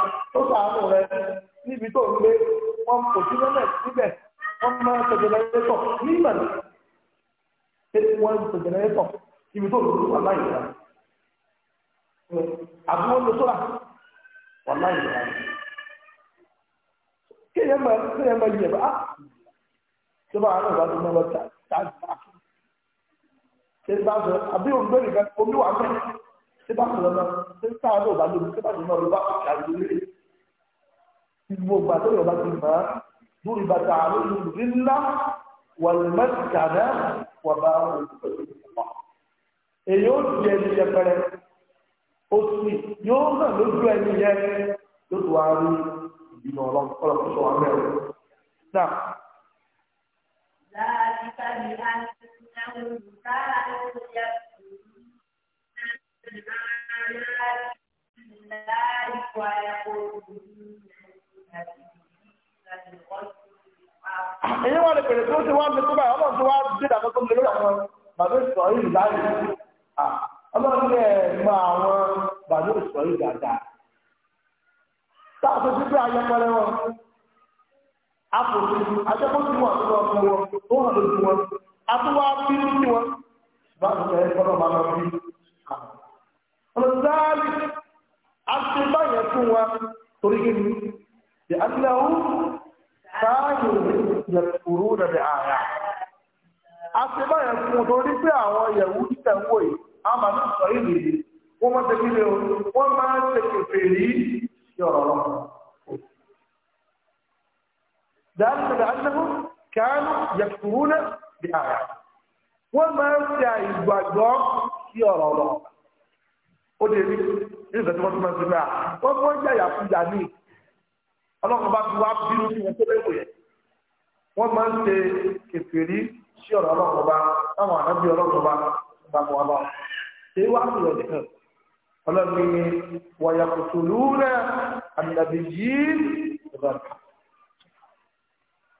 ó sàánú rẹ níbi tó ń gbé wọn kò sí lọ́lẹ̀ síbẹ̀ wọ́n máa ń tẹ̀jẹ̀ lẹ́tọ̀ ní ìmọ̀lẹ̀ ṣé wọ́n ń tẹ̀jẹ̀ lẹ́tọ̀ ibi tó ń gbé wà láyé rẹ àbúrò ló sọ́ra wà láyé rẹ kéèyàn máa kéèyàn máa yẹ bá a tó bá àwọn ìbátan náà lọ tà tà tà ṣe bá sọ àbí òun gbé nìkan omi wà mẹ́ ṣe bá sọ lọ́nà ṣe táwọn náà bá lóbi gbogbo àti ọ̀yọ́ bá ti mọ̀ ọ́ lórí bàtà lórí ńlá wàlúmọ́sìkàdá wà bá olùkọ́ èyí ó di ẹni yẹpẹrẹ ó sì yóò náà lójú ẹni yẹn ló tó wá rí ìbímọ ọlọ́pàá sọ mẹ́rin náà. ذلك بأنهم كانوا يكفرون بآيات الله ويقولون èyí wọ́n lè pèrè tó ti wá mi tó báyìí ọlọ́run tó wá dé ìdàgbọ́ tó mi lórí bàbá ìsọ̀ yìí ọlọ́run ní àwọn bàbá ìsọ̀ yìí dáadáa táàbù títí ayẹpẹrẹ wọn wọn wọn fún wọn tó wọn àtúwọ́ bí nínú wọn sáàyè yẹ̀kùrú rẹ̀ ààrà. A ti báyẹ̀ fún un torí pé àwọn yẹ̀wú títẹ̀ wò yìí, a máa ní sọ ìlú yìí, wọ́n máa tẹ́kí lé o, wọ́n máa ń tẹ̀kì fèrè yọ̀rọ̀ lọ. Dáàbò bẹ̀rẹ̀ àjẹ́kù kánú yẹ̀kùrú rẹ̀ ààrà. Wọ́n máa ń tẹ àìgbàgbọ́ sí ọ̀rọ̀ lọ. Ó lè rí ní ìfẹ̀síwọ́n tó máa ń sọ ọlọ́run bá fi wá bínú sí wọn tó léwu yẹn wọ́n máa ń ṣe kẹfìrí sí ọ̀rọ̀ ọlọ́run bá táwọn àdábì ọlọ́run bá bá bọ̀ wá bá wọn. ṣé wàá fi ọ̀dẹ̀ kan ọlọ́run ní wàyàkùtù lúúrẹ́ àdàbì yìí ìbàdàn.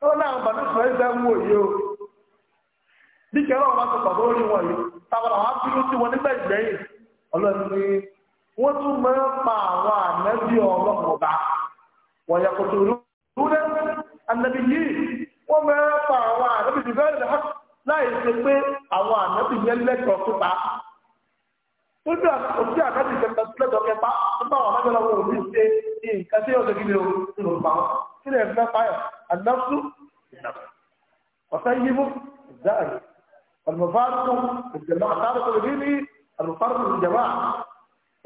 ọlọ́run àwọn bàbá sọ̀rọ̀ ìgbà wù òye o bí kẹrọ ọba tó pàdé orí wọn yìí táwọn àwọn abínú sí wọn nígbà ìgbẹ̀yìn ọlọ́run ní wọ́n tún máa ń pa àwọn ànábì ọlọ́run ọba. ويقتلون النبيين وما يطاوى النبي بغير الحق láì ṣe pé àwọn ànábì yẹn lẹ́tọ̀ọ́ pípa níbi òsì àkájì ìjẹta lẹ́tọ̀ọ́ kẹpa nípa àwọn ànábì ọlọ́wọ́ òní ṣe ní nǹkan tí yóò ṣe kíni o nínú ìpa wọn kí lè fẹ́ fáyọ̀ àdáfú ọ̀sẹ̀ yìí mú ìdáàrí àlùmọ̀fáàrùkù ìjẹ̀mọ́ àtàrùkù ìdí ní àlùmọ̀fáàrùkù ìjẹ̀mọ́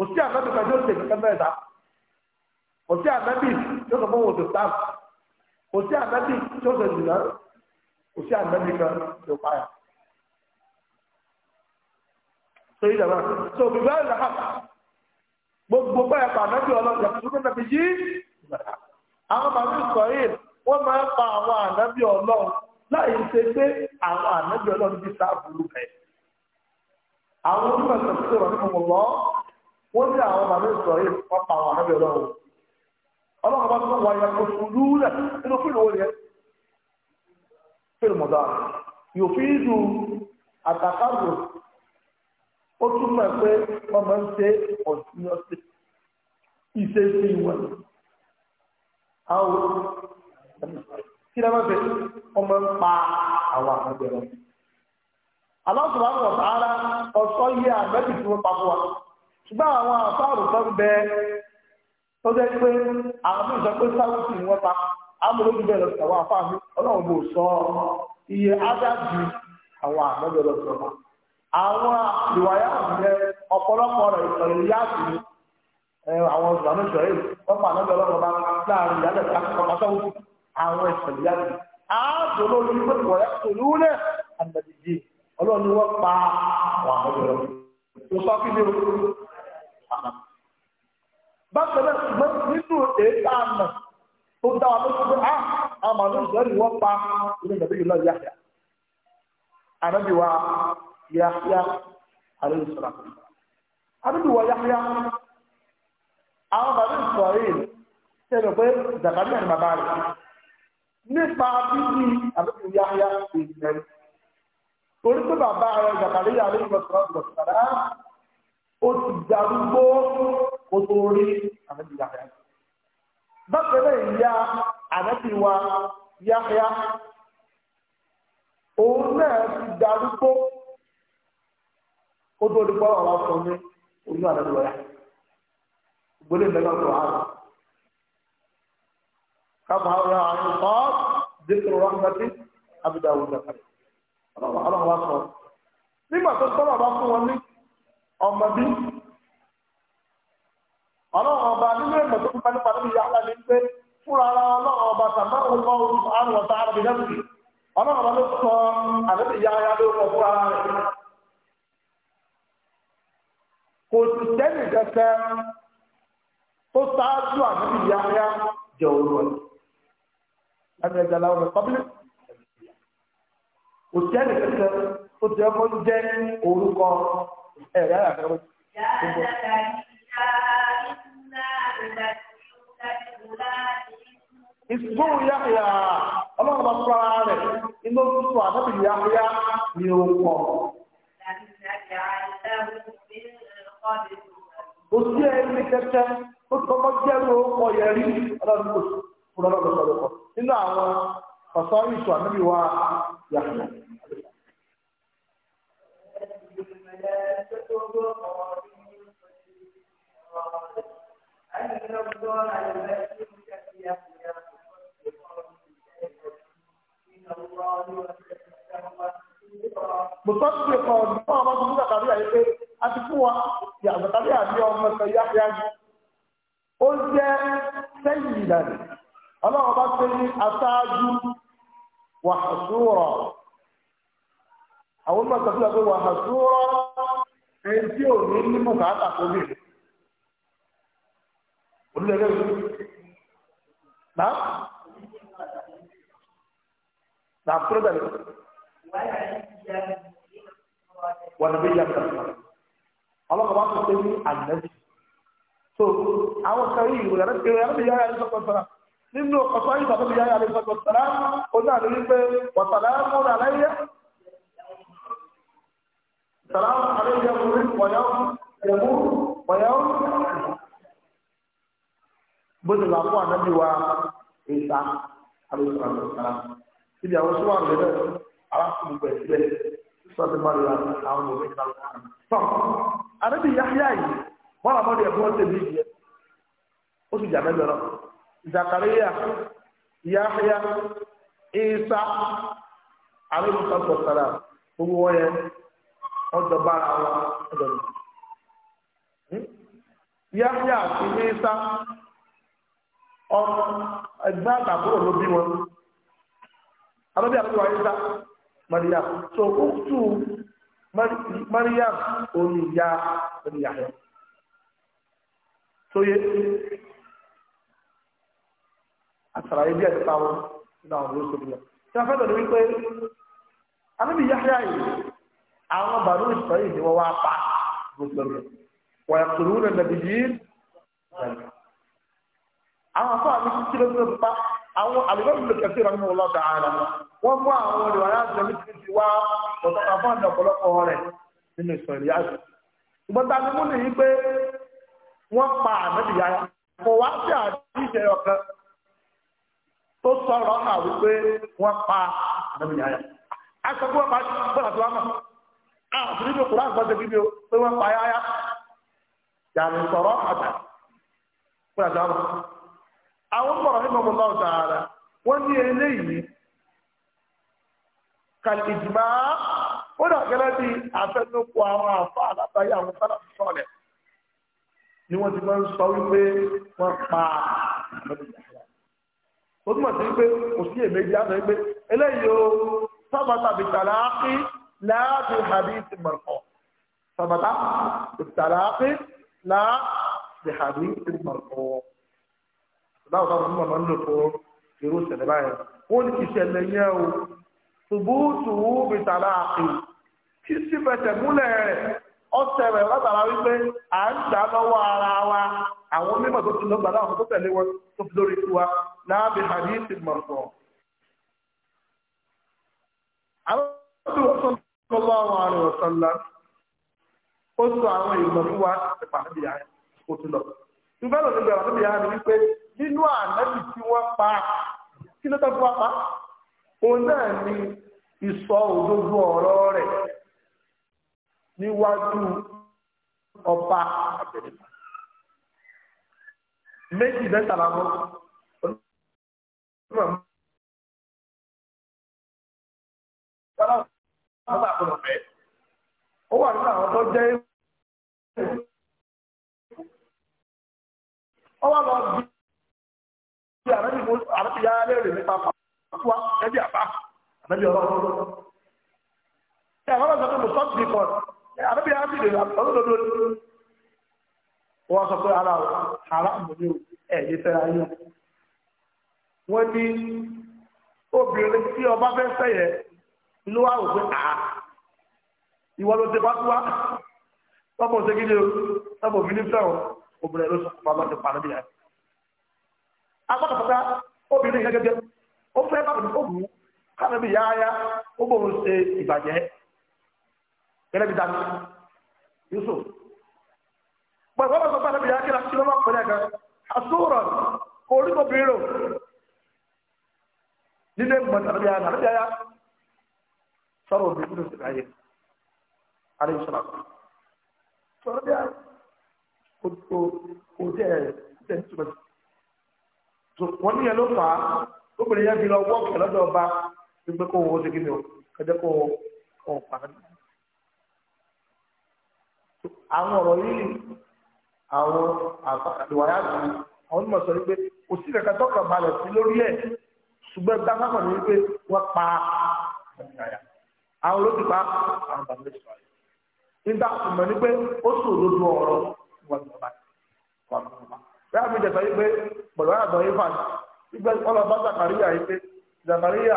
òsì àkájì ìjẹta yóò ṣe kíkẹ́ kò sí ànábì tí ó sọ fún òdò sáà kò sí ànábì tí ó sọ jùlọ kò sí ànábì kan tí ó pààyà. sọ yìí dàgbà sọ òbí bẹ́ẹ̀ lọ́kà gbogbo bẹ́ẹ̀ pa ànábì ọlọ́jà tó tó nàbí yí àwọn màmí sọ yìí wọ́n máa ń pa àwọn ànábì ọlọ́run láì ṣe pé àwọn ànábì ọlọ́run ti sá burú bẹ́ẹ̀ àwọn onímọ̀ ìsọ̀tún tó rọ̀ nínú wọ́n ní àwọn màmí sọ yìí wọ́n pa àwọn ànábì ọlọ́run ọlọ́run bá tún wáyé oṣù lúlẹ̀ nínú fílù orí ẹ fílù mọ̀dá yóò fi ń du àtàkàrò ó túmọ̀ pé ọmọ ń ṣe ọ̀sìnọ́sì ìṣesí wọn àwọn kí lè má bẹ ọmọ ń pa àwọn àgbẹ̀ wọn. aláṣọ wa ń wọ̀ sáárá ọ̀sọ́ yé àgbẹ̀ tuntun pa fún wa ṣùgbọ́n àwọn àfáàrù kan bẹ́ẹ̀ tó jẹ́ pé àwọn mí sọ pé sáwùsì ni wọ́n pa amúlójú bẹ́ẹ̀ lọ sọ̀rọ̀ àfáàmì ọlọ́run bò sọ iye ádájú àwọn àmọ́jọ lọ sọ̀rọ̀ àwọn ìwàyà ìjẹ ọ̀pọ̀lọpọ̀ rẹ̀ ìsọ̀rọ̀ ìyá àti àwọn ìgbàanú ìsọ̀rọ̀ yìí wọ́n pa àmọ́jọ lọ́wọ́ bá láàrin ìyá lẹ́ka kọ́kọ́tọ́wù àwọn ìsọ̀rọ̀ ìyá àti àádọ́ lórí pé ìwàyà tòlú lẹ̀ àgbàdìjì ọlọ́run ni wọ́n pa àwọn àmọ́jọ lọ́wọ́ bákan náà ṣùgbọ́n nínú èyí tá a mọ̀ tó dá wa lóṣù pé ah, a màá ní ìjọ ìwọ́ pa ilé ìjọba yìí lọ yáyà ànábì wa yáyà àlẹ́ ìṣọ̀rọ̀ ànábì wa yáyà àwọn bàbá ìṣọ̀rọ̀ yìí ṣẹlẹ̀ pé zakariya ni bàbá rẹ̀ nípa bíbí ànábì yáyà ìṣẹ̀lẹ̀ torí pé bàbá rẹ̀ zakariya àlẹ́ ìṣọ̀rọ̀ ó ti darúgbó kó tó rí ànábì Yahya bákan náà ìyá ànábì wa Yahya òun náà ti darúgbó kó tó rí pọ́ àwọn ọkùnrin oyún ànábì wa Yahya gbọ́dọ̀ ìgbẹ́gbẹ́ ọ̀tọ̀ àrùn كما هو الانصاف ذكر رحمة أبي داود الحديث الله الله أكبر nígbà tó tọ́lọ̀ bá fún wọn ní ọmọ bí ọlọ́run ọba nínú ìmọ̀ tó ń bá nípa lórí yàrá ní pé fúnra ara ọlọ́run ọba sàmáwò lọ́wọ́ àrùn ọ̀tá àrùn ìdẹ́kùn ọlọ́run ọba ló sọ àdébì yàrá ló kọ fúnra ara rẹ̀ kò sì tẹ́lẹ̀ kẹsẹ̀ tó ṣáájú àdébì yàrá jẹ́ olúwa lábẹ́ ẹja láwọn ọmọ pọ́bílì kò tẹ́lẹ̀ kẹsẹ̀ tó jẹ́ mọ́ jẹ́ orúkọ ẹ̀rẹ́ àgbẹ̀wò. Yàrá ìsìnkú yáyà ọlọ́run bá rẹ̀ inú òkúta àtàbí yáyà ni ó pọ̀. kò sí ẹni kẹkẹ ó ti kọ́kọ́ jẹ́rú ọkọ̀ yẹn rí ọlọ́run kò fúra lọ́dọ̀ sọ̀rọ̀ pọ̀ nínú àwọn ọ̀sán ìṣù àtàbí wa yáyà. Thank you. mùsọ́sì kan ọdún náà bá tún sàkàrí àyè pé a ti fún wa ti àgbàkàrí àbí ọmọ ẹ̀sẹ̀ yáyá yìí ó jẹ́ sẹ́yìn ìdàgbé ọlọ́run bá ṣe ní aṣáájú wàhásúrọ̀ àwọn ọmọ ìsọ̀tún ọ̀gbẹ́ wàhásúrọ̀ ẹni tí ò ní ní bùkátà tó lè olùdókòwò náà. نعم كل ذلك ونبيا من الصالحين الله طبعا تسمي النبي so àwọn kan yìí ìwòyàn láti kéwàá láti yára ní sọ́kọ̀ sọ́ra nínú ọ̀sọ́ yìí bàbá mi yára ní sọ́kọ̀ sọ́ra ó náà ní wípé wàtàlá mọ́ra aláyé sọ́ra aláyé múrí wọ̀yọ́ ẹ̀mú wọ̀yọ́ bó ti là fún ànábì wa ìta àlùsọ̀rọ̀ sọ́ra. níbi àwọn sọ́wọ́ àgbẹ̀ náà arákùnrin bẹ̀ sílẹ̀ sọ́ọ̀tì máa àwọn ọmọ ìgbà lọ́wọ́ tán àdébí yáyá yìí wọ́n di ọmọdé ẹ̀fọ́ tẹ̀lé yìí ó sì jà mẹ́jọ lọ zakariya yáyá isa alóòlù sọ́ọ̀tì ọ̀sára gbogbo wọn yẹn ọjọ́ bára wọn ọjọ́ nù. yáyá àti isa ẹgbẹ́ àtàkùrọ̀ ló bí wọn. àbábí àbúrò àyíká mariam so uktu mariam òní ìyá òní ìyá rẹ sóye àtàràyé bí ẹ̀ka wọn nínú àwọn olóṣèlú náà tí a fẹ́ lọ ní wípé àbábí Yahya yìí àwọn bàbá òṣìṣẹ́ yìí ni wọ́n wá pa gbogbo rẹ̀ wọ́n yà kúrú rẹ̀ nàbí àwọn afọ àmì kí ló ń pa àwọn àlùbọ́ọ̀lù kẹsì ìrànlọ́wọ́ ọlọ́ta ara wọ́n mú àwọn olùwàyà àjọmí ti wá ọ̀tọ̀ àfọ́ àdà ọ̀pọ̀lọpọ̀ rẹ̀ nínú ìsọ̀rọ̀ yá ṣùgbọ́n ta mú nìyí pé wọ́n pa àmẹ́bí yára kò wá sí àdíṣe ọ̀kan tó sọ̀rọ̀ wípé wọ́n pa àmẹ́bí yára. a sọ pé wọ́n pa bọ́lá tó wá mọ̀ a sì bíbí o pé wọ́n pa yára yàrá sọ̀rọ̀ àgbà bọ́lá tó wá mọ̀ àwọn sọ̀rọ̀ nínú ọmọ náà tààrà wọ́n ní eléyìí kàlìjìmá ó dà gẹ́lẹ́ bí àfẹnukọ àwọn àfa àlábáyé àwọn sálà sọ̀lẹ̀ ni wọ́n ti máa ń sọ wípé wọ́n pa ó túmọ̀ sí pé kò sí èméjì á sọ wípé eléyìí o sábàtà bìtàláàkì láàbì hadithi marfu sábàtà bìtàláàkì láàbì hadithi marfu. láwọn táwọn onímọ̀ máa ń lò fún irú ìṣẹ̀lẹ̀ báyẹn ní yẹn o àpè kí sí látara wípé à ń gbà ara wa àwọn tó ti tó wọn tó fi lórí tiwa láàbì hadith mọ̀tọ̀. àwọn ọ̀sán tó lọ́wọ́ àrùn ọ̀sán lá ó sọ àwọn ìgbọ̀n ìpàdé yàrá kó tún lọ. ìgbàlódé gbàgbọ́ nínú ànábì tí wọ́n pa kí ló tọ́jú wá pa òun náà ni ìsọ òdodo ọ̀rọ̀ rẹ̀ níwájú ọba àbẹ̀rẹ̀mà méjì mẹ́tàlá wọn ó wà nínú àwọn tó jẹ́ ó wà lọ bí tí àrẹ́bí mo àrẹ́bí yá lẹ́rìí nípa pàtàkùwá ẹbí àbá àrẹ́bí ọlọ́run lọ́dọ̀. ṣé àwọn ọ̀sán tó lò sọ́ọ̀tì nìkan àrẹ́bí yá sì lè rà ọlọ́dọọdọ ni. wọ́n sọ pé ara haramu ni o ẹ̀yẹ fẹ́ ayé. wọ́n ní obìnrin tí ọba fẹ́ fẹ́yẹ ló wà wò pé àá ìwọ ló ti bá tó wá. wọ́n mọ̀ ṣe kí ni o wọ́n mọ̀ fi ní fẹ́ obìnrin ló sọ pé bàbá ti pa àrẹ́bí yá agbọ́dọ̀fọ́ta obìnrin yẹn gẹ́gẹ́ ó fẹ́ bá bùn òbù káàmì bí yáyá ó bòrò ṣe ìbàjẹ́ gẹ́gẹ́ bí dání Yusuf pẹ̀lú ọmọ sọ fún ẹ̀yà kíra kí ló máa pẹ̀lẹ́ gan asúrọ̀ kò rí bòbí rò nílé mọ̀tà níbi yáyá níbi yáyá sọ̀rọ̀ òbí kúrò sí káyé alẹ́ ìṣọ̀lá sọ̀rọ̀ bí yáyá kò tẹ̀ ẹ̀ tẹ̀ wọ́n ní yẹn ló fà á obìnrin yẹn fi lọ wọ́ ọ̀kẹ́ lọ́dọ̀ ọba gbígbé kó wọ́n ó ti kí ni o kẹjẹ́ kó wọ́n kó wọ́n pa á. àwọn ọ̀rọ̀ yìí àwọn àdìwáyà tó àwọn onímọ̀ sọ wípé kò sí ìrẹ̀kẹ́ tọ́kọ̀ balẹ̀ sí lórí ẹ̀ ṣùgbọ́n tá a bá wípé wọ́n pa àwọn olóòtú pa àwọn bàbá ìṣòro nígbà tó mọ̀ ní pé ó sòdodo ọ̀rọ̀ wọn ni wọ́n bá wọn ni wọ́n bá bẹ́ẹ̀ mi jẹ̀sọ́ yìí pé pẹ̀lú àgbọ̀ yìí fà gbígbẹ́ ọlọ́ba Zakariya yìí pé Zakariya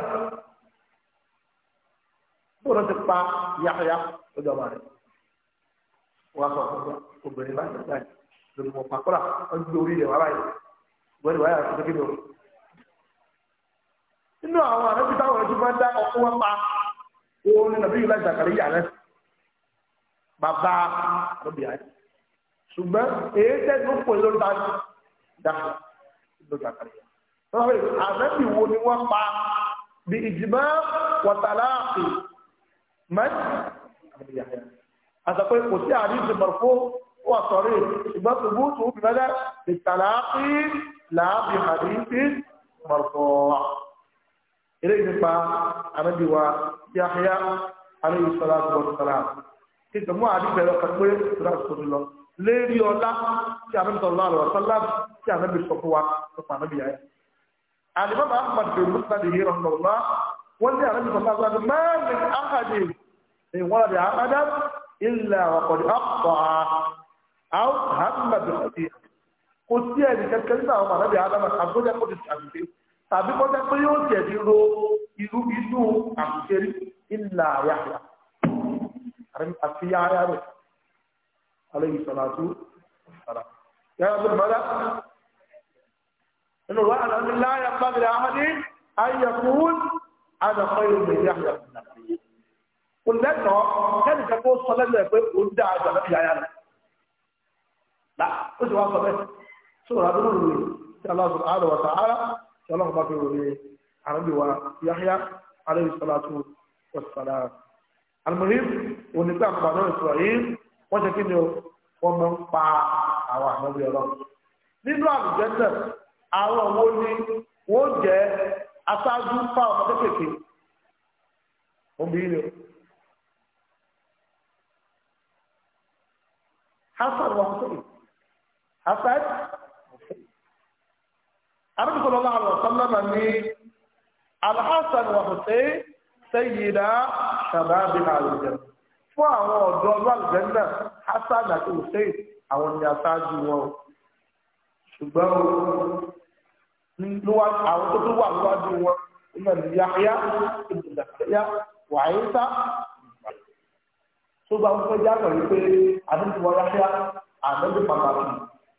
tó lọ ti pa Yahya lọ́jọ́ ọba rẹ̀ wọ́n sọ fún obìnrin báyìí lọ́jọ́ lórí mọ̀ pàkúrà wọ́n ti orí rẹ̀ wá báyìí wọ́n ti wáyà tó kéde o. nínú àwọn àrẹ́bí táwọn ẹjú máa ń dá ọkọ wọn pa òun ni nàbí yìí láì rẹ̀ bàbá àrẹ́bí àyè ṣùgbọ́n èyí tẹ́ ló pè lórí báyìí dáhùn ló Zakariya. ànábì wo ni wọ́n pa bí ìjìmọ́ wàtàláàkì mẹ́tì àbí Yahya. àtàkọ́ kò sí àdìsí mọ̀fó wà sọ̀rí ṣùgbọ́n tòbú tó bí mẹ́lẹ́ ìtàláàkì làábì àdìsí mọ̀fó. eléyìí nípa ànábì wa Yahya alayhi salatu wa salam. kí tòmú àdìsí ẹ̀rọ kan pé sọ́dọ̀ lérí ọlá tí ànábì sọ̀rọ̀ àlọ́ ọ̀sánlá tí ànábì sọ fún wa nípa ànábì ayé. àdìmọ́bà ahmad bin musa di yìí rọ̀ lọ́wọ́ wọ́n ní ànábì sọ̀rọ̀ àlọ́ àti mẹ́rin ahadi ni wọ́n rẹ̀ ahadá ilẹ̀ ọ̀kọ̀dì ọ̀pọ̀ àwọn ahmed ọ̀dì kò sí ẹ̀dì kẹ́kẹ́ nínú àwọn ànábì adam àbújá kò ti ṣàṣìṣe tàbí kọjá pé yóò jẹ̀ ní ro irú inú àṣìṣe ilẹ̀ àyà àfi yára rẹ̀ عليه الصلاة والسلام يا رب الملأ إن وعلى أن لا يقبل لأحد أن يقول أنا خير من يحيى بن قل لنا كان تقول صلى الله عليه وسلم قل دعا جميعا لا قلت واسطة سورة الله سبحانه وتعالى الله ما في عربي ويحيى عليه الصلاة والسلام المهم ونبدأ مع إسرائيل wọ́n ṣe kí ni o wọ́n máa ń pa àwọn ànábì ọlọ́run nínú àlùjẹ́sẹ̀ àwọn wo ni wọ́n jẹ́ aṣáájú fáwọn ọmọ kéékèèké obìnrin o. Hasan wa Hussein. Hasan Arabi sallallahu alaihi wasallam ni Al-Hasan wa Hussein sayyida shababil aljannah fún àwọn ọ̀dọ́ alùpàdé Hasan àti Hussein àwọn ni aṣáájú wọn ṣùgbọ́n àwọn tó tún wà níwájú wọn iná ní Yahya ìdùnnàkẹ́yà wàhíńsá tó bá wọ́n jẹ́ àgbà wípé àdúgbò Yahya àdúgbò pàtàkì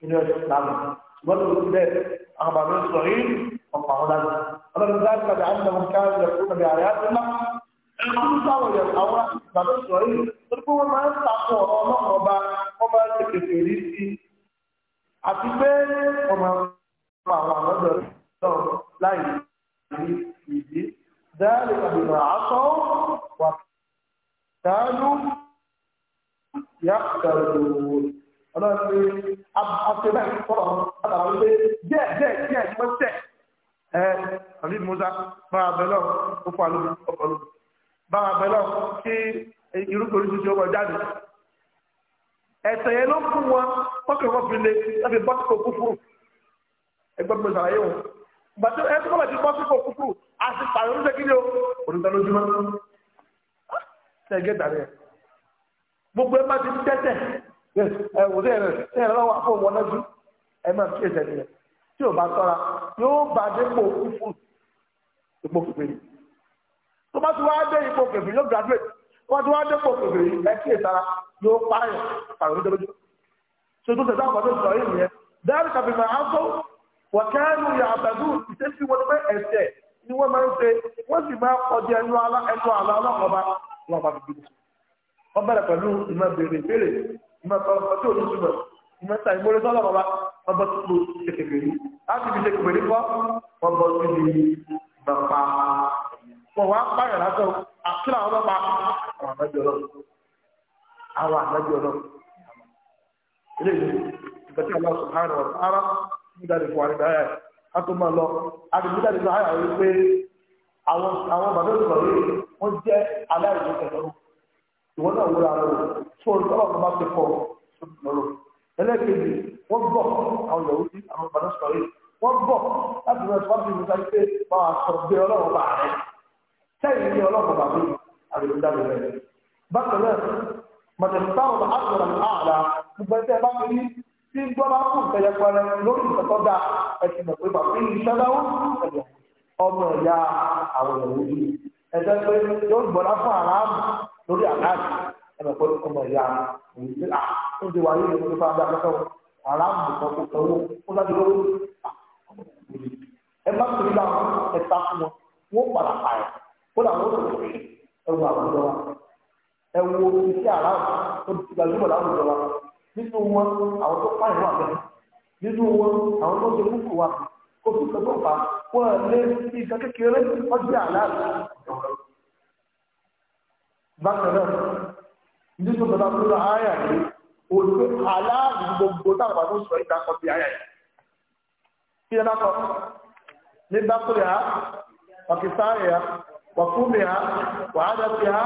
nínú ẹ̀jẹ̀ ìsìlámù ṣùgbọ́n tó ti bẹ́ẹ̀ àwọn bàbá mi sọ̀rí ọ̀pọ̀ àwọn dáadáa ọlọ́run dáadáa bí àwọn ọmọ kí wọ́n lè kó Ẹ̀kún sáwọn yẹn àwọn bàbá sọ̀rọ̀ yìí, torí pé wọ́n máa ń takò ọ̀rọ̀ ọlọ́run ọba, wọ́n máa ń ṣe kẹfẹ́ rí sí i. Àti pé wọ́n máa ń fa àwọn àmọ́dọ̀ náà láì ní ìdí. Dáàlì àbùnà àtọ́ wà dáàlú yá kàrò ọlọ́run pé àtẹ̀bẹ̀ sọ̀rọ̀ àtàrà wípé díẹ̀ díẹ̀ díẹ̀ ni wọ́n tẹ̀ ẹ́ àbí Musa máa bẹ̀ lọ́wọ́ ó fọ́ àlùkò ọ̀pọ̀lọpọ̀ báwa bẹ̀lọ́ kí irúgbìn oríṣiríṣi ọkọ̀ jáde ẹ̀sẹ̀ yẹn ló kún wọn kọ́kẹ́kọ́ fi lé láti bọ́ sípò kúfúrú ẹgbẹ́ gbogbo ìsàlàyé wọn gbàtí ẹ tó kọ́ láti bọ́ sípò kúfúrú a sì pààyàn oníṣẹ́ kí ni o òrùka lójúmọ́ ṣe é gẹ́gẹ́ rẹ̀ gbogbo ẹ má ti tẹ́tẹ̀ ẹ wò sí ẹ̀rẹ̀ sí ẹ̀rẹ̀ lọ́wọ́ àfọ̀ wọn lọ́jú ẹ má fi ẹ̀sẹ̀ nìyẹn tí ò bá tọ́ra yóò bá dépò kúfúrú ipò tó bá ti wá dé ipò kèfì yóò graduate tó bá ti wá dé ipò kèfì ẹ kí ìsara yóò pààyàn pààyàn ní dọ́lójú tó tó tẹ̀sán àpàtó sọ yìí nìyẹn dáàrí kàbí máa ń sọ wọ́n kẹ́rù yà àbẹ̀dù ìṣesí wọn pé ẹ̀sẹ̀ ni wọ́n máa ń ṣe wọ́n sì máa kọjá ẹnu àlá ẹnu àlá ọlọ́kọ̀ọ́ba wọn bá fi bí wọ́n bẹ̀rẹ̀ pẹ̀lú ìmọ̀ béèrè ìbéèrè ìmọ̀ sọ̀rọ̀ tí ò ní túbọ̀ ìmọ̀ ta ìmọ̀lẹ́ sọ́lọ́ bàbá wọn bọ́ sí ṣèkèkèrè láti fi ṣèkèkèrè kọ́ wọn bọ́ sí ìgbàpá kò wá pààyàn lásán àkílà ọlọ́pàá àwọn àmọ́jọ lọ àwọn àmọ́jọ lọ. ilé ìlú ìgbàtí àwọn sùhánù ọ̀sán ara ń jáde fún àrídá ẹ̀ a máa lọ àdìgbò jáde fún àyà wípé àwọn àwọn bàbá ìgbà yìí wọ́n jẹ́ aláìní kẹ̀kẹ́ ìwọ náà wúra rẹ̀ fún bá ti pọ̀ lọ́rọ̀ ẹlẹ́kejì wọ́n bọ̀ àwọn yòówù sí àwọn bàbá ìgbà yìí wọ́n bọ̀ láti rẹ̀ sẹ́yìn ní ọlọ́pàá bàbí àdìgbòdàgbò rẹ̀. bákan náà mọ̀tẹ̀sítàwọn àgbọ̀nà ààlà gbogbo ẹgbẹ́ bá mi ní tí gbọ́ bá kún ìtẹ̀yẹ pẹrẹ lórí ìtọ́tọ́ dá ẹ̀sìn mọ̀ pé bàbí ìṣẹ́dáwó ẹ̀dọ̀ ọmọ ẹ̀yà àwọn ìyàwó yìí ẹ̀sẹ̀ pé yóò gbọ́dá fún àràmù lórí àkáàdì ẹ̀mọ̀ pé ọmọ ẹ̀yà òun kódà wọn kò ẹwù àwùjọ wa ẹwù iṣẹ́ àrà tó ti wa nínú wọn àwọn tó pààyàn wà bẹ́ẹ̀ nínú wọn àwọn tó ṣe kúkú wa kó tó tó fà wọn lé ìgbà kékeré àlá bákan náà nínú bàbá tó lọ àyà àlá gbogbo táwọn bàbá sọ ìgbà kan bí àyà kí ẹ bá kọ ní bákúrẹ́ wàfúnmi ha wàhálà fi ha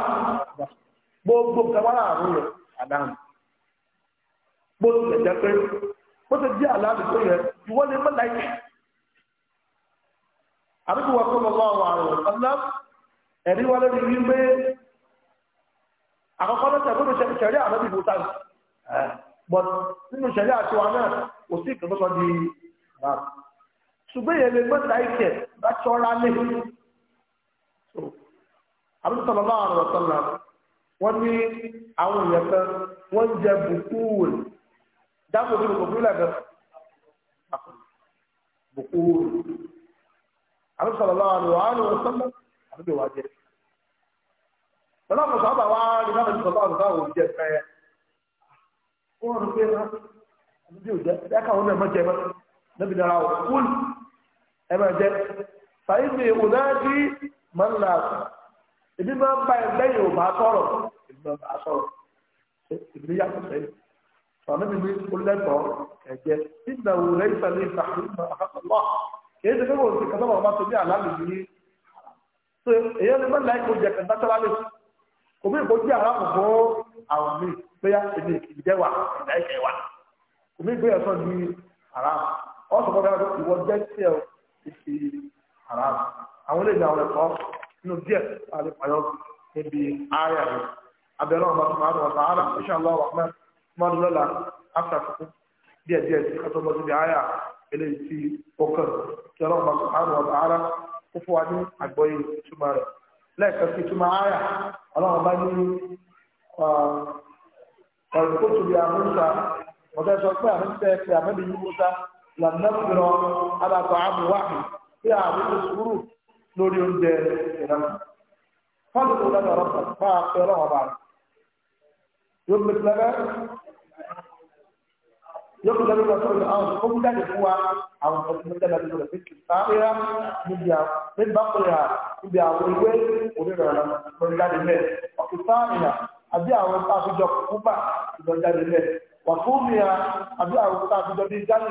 gbogbo kẹwàá àrùn rẹ àdáhùn bó tilẹ̀ jẹ́ pé bó ti di àlàáfíà tó yẹ ìwọ ni mọ́lá yìí àdúgbò wa kọ́ lọ́wọ́ àwọn àrùn ọ̀nà ẹ̀rí wa lórí yìí pé àkọ́kọ́ lọ́sẹ̀ tó ní sẹ̀rí àná bí bùtá but nínú sẹ̀rí àti wa náà kò sí ìkànnì di ṣùgbọ́n ìyẹn lè mọ́lá yìí kẹ̀ bá ṣọ́ra lé abúlùsọ̀lọ́lá àrùn ọ̀sánlá wọ́n ní àwọn èèyàn kan wọ́n ń jẹ bùkúùl dáàbò bí gbogbo ìlà gan bùkúùl abúlùsọ̀lọ́lá àrùn ọ̀sánlá àbúlù wa jẹ. pẹ̀lú àwọn sọ̀rọ̀ wa rí náà lọ́sọ̀lá àrùn ọ̀sánlá òun jẹ fẹ́ wọ́n rú pé náà àbúlù yóò ẹ káwọn náà má jẹ mọ́ níbi dára ọ̀ ẹ má jẹ fàyè mi ò náà rí mọ́ńlá ebi máa ń bá ẹgbẹ́ yìí ò bá sọ̀rọ̀ ebi máa ń bá sọ̀rọ̀ ìdílé yàtọ̀ sẹ́yìn sọ̀rọ̀ mi kò lẹ́tọ̀ọ́ ẹ̀jẹ̀ nígbà wò lẹ́yìn sọ̀rọ̀ ìgbà àkàtúntò kìí ṣe fẹ́wọ̀n ti kàtàkùn ọba tó bí àlámì yìí so èyàn lè má láì kó jẹ kàtà tó lálẹ́ kò bí ìbòjú àrámù fún àwọn míì bóyá èmi ìjẹ́ wà ìdá ìjẹ́ wà kò bí ìgbéyàwó sọ ní àrámù ọ̀sùn kọ́kọ́ ìwọ jẹ́ tiẹ̀ ìfi àrámù àwọn ilé ìgbà àwọn ẹ̀kọ́ nínú díẹ̀ àti pàyọ́ níbi ààrẹ rẹ̀ abẹ́rẹ́ ọmọ ara ṣíṣe àlọ́ wà mẹ́ mọ́dún lọ́la áfíàkùkù díẹ̀ díẹ̀ sí kátó mọ́ síbi ààrẹ eléyìí tí ó ara kó fún wa lórí oúnjẹ ìrẹsì fọ́ọ̀dù tó lẹ́nu ọ̀rọ̀ bá a pẹ́ ọlọ́wọ́ bá rẹ̀ yóò fi lẹ́bẹ̀ yóò fi lẹ́bẹ̀ lọ́sọ̀rọ̀ ní àwọn tó ń jáde fún wa àwọn tó ń jáde lọ́sọ̀rọ̀ rẹ̀ fi kì sáárá níbi àwọn níbi àkọlẹ̀ à níbi àwọn ìwé onírọ̀rọ̀ ló ń jáde mẹ́ ọ̀kì sáárá àbí àwọn tá a fi jọ kúkúbà ìjọ jáde mẹ́ wà fún mi à àbí àwọn tá a fi jọ bí jáde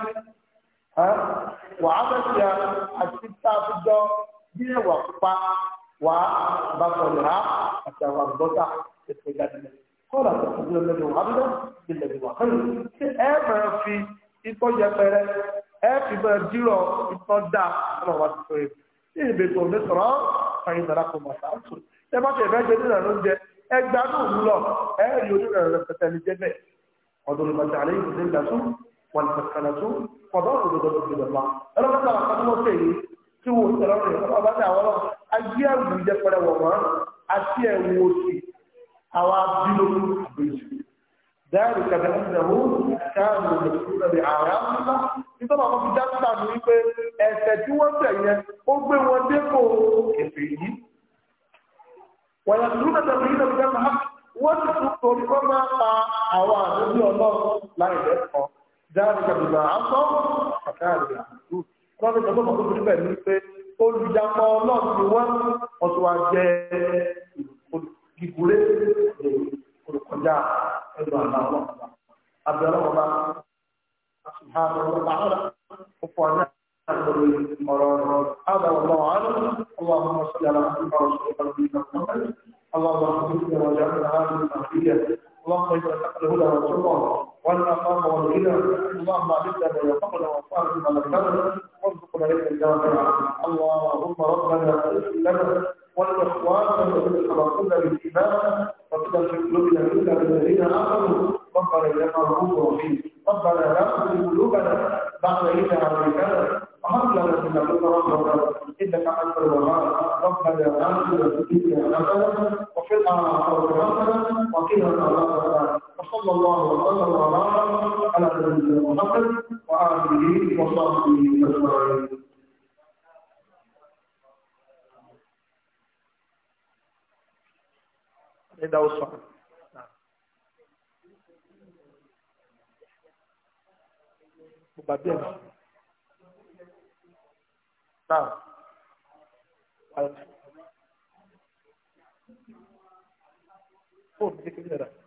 wà á bẹ̀ sí à àti tá a fi jọ bí ẹ̀wà pupa wà bàtọ̀lù ha àti àwọn àgbọ́tà ètò ìdánilẹ̀ kọ́lá tó ti lọ́lẹ́ lọ́wọ́ abúlé ilẹ̀ ìwà kọ́lù ṣé ẹ máa fi ikọ́ yẹpẹrẹ ẹ fi máa dírọ̀ ikọ́ dá ọmọ wa ti sọ èyí ní ìbètò òní sọ̀rọ̀ fàyín nàrà kò mọ̀ sáà sùn ẹ bá tẹ̀ bẹ́ẹ̀ jẹ́ nínú ẹ̀rọ oúnjẹ ẹ gbádùn lọ ẹ rí onírẹ̀ rẹ̀ pẹ̀tẹ́ ní jẹ́ bẹ́ẹ̀ ọdún ìbàjẹ́ àlẹ́ ìbùdó ìdásùn wọn ìfẹ̀kànlẹ̀ tún kọ̀dọ̀ òdòdó ìdòdó wa ẹ lọ́kọ̀ọ́ tí wọ́n ń sọ̀rọ̀ rẹ̀ ọba tí àwọn ọlọ́run ajé ẹ̀wù ìjẹpẹrẹ wọ̀ wọ́n àti ẹ̀wù òsì àwọn abínú àbèjì dáàrú kàbẹ̀ ọ̀dẹ̀wò káàmù ìrẹ̀lẹ̀ ààrẹ ńlá nítorí àwọn fìdá ń sàmì wípé ẹ̀ṣẹ̀ tí wọ́n tẹ̀ yẹn ó gbé wọn dépò èfè yìí wọ́n yẹ kúrú náà tẹ̀lé ìlú ìjọba wọ́n ti tún torí wọ́n máa pa àwọn àdébí ọlọ́run láì lẹ́kọ̀ọ́ dáàrú kàbẹ̀ ọ̀dẹ̀wò wọ́n fi sọ fún ọkọ̀ níbẹ̀ ní pé olùjàpọ̀ náà ti wọ́n wọ́n ti wá jẹ́ ìkúlé olùkọjá ẹgbẹ́ àná wọn abẹ́rẹ́ wọn bá سبحانه وتعالى وفعلنا هذا والله أعلم اللهم صل على محمد ورسول نبينا محمد اللهم اهدنا وجعلنا هذه الأخية اللهم اجعل الحق الهدى والتقوى والأقام والغنى اللهم اعبدنا ويقبل وفعل ما ذكرنا إلى عبادك وهب لنا من لدنك رحمة إنك أنت الوهاب ربنا آتنا في الدنيا حسنة وفي الآخرة حسنة وقنا عذاب النار وصلى الله وسلم وبارك على نبينا محمد وآله وصحبه أجمعين إذا وصلنا وبعدين Naam. Fóònù kékeré rẹ̀.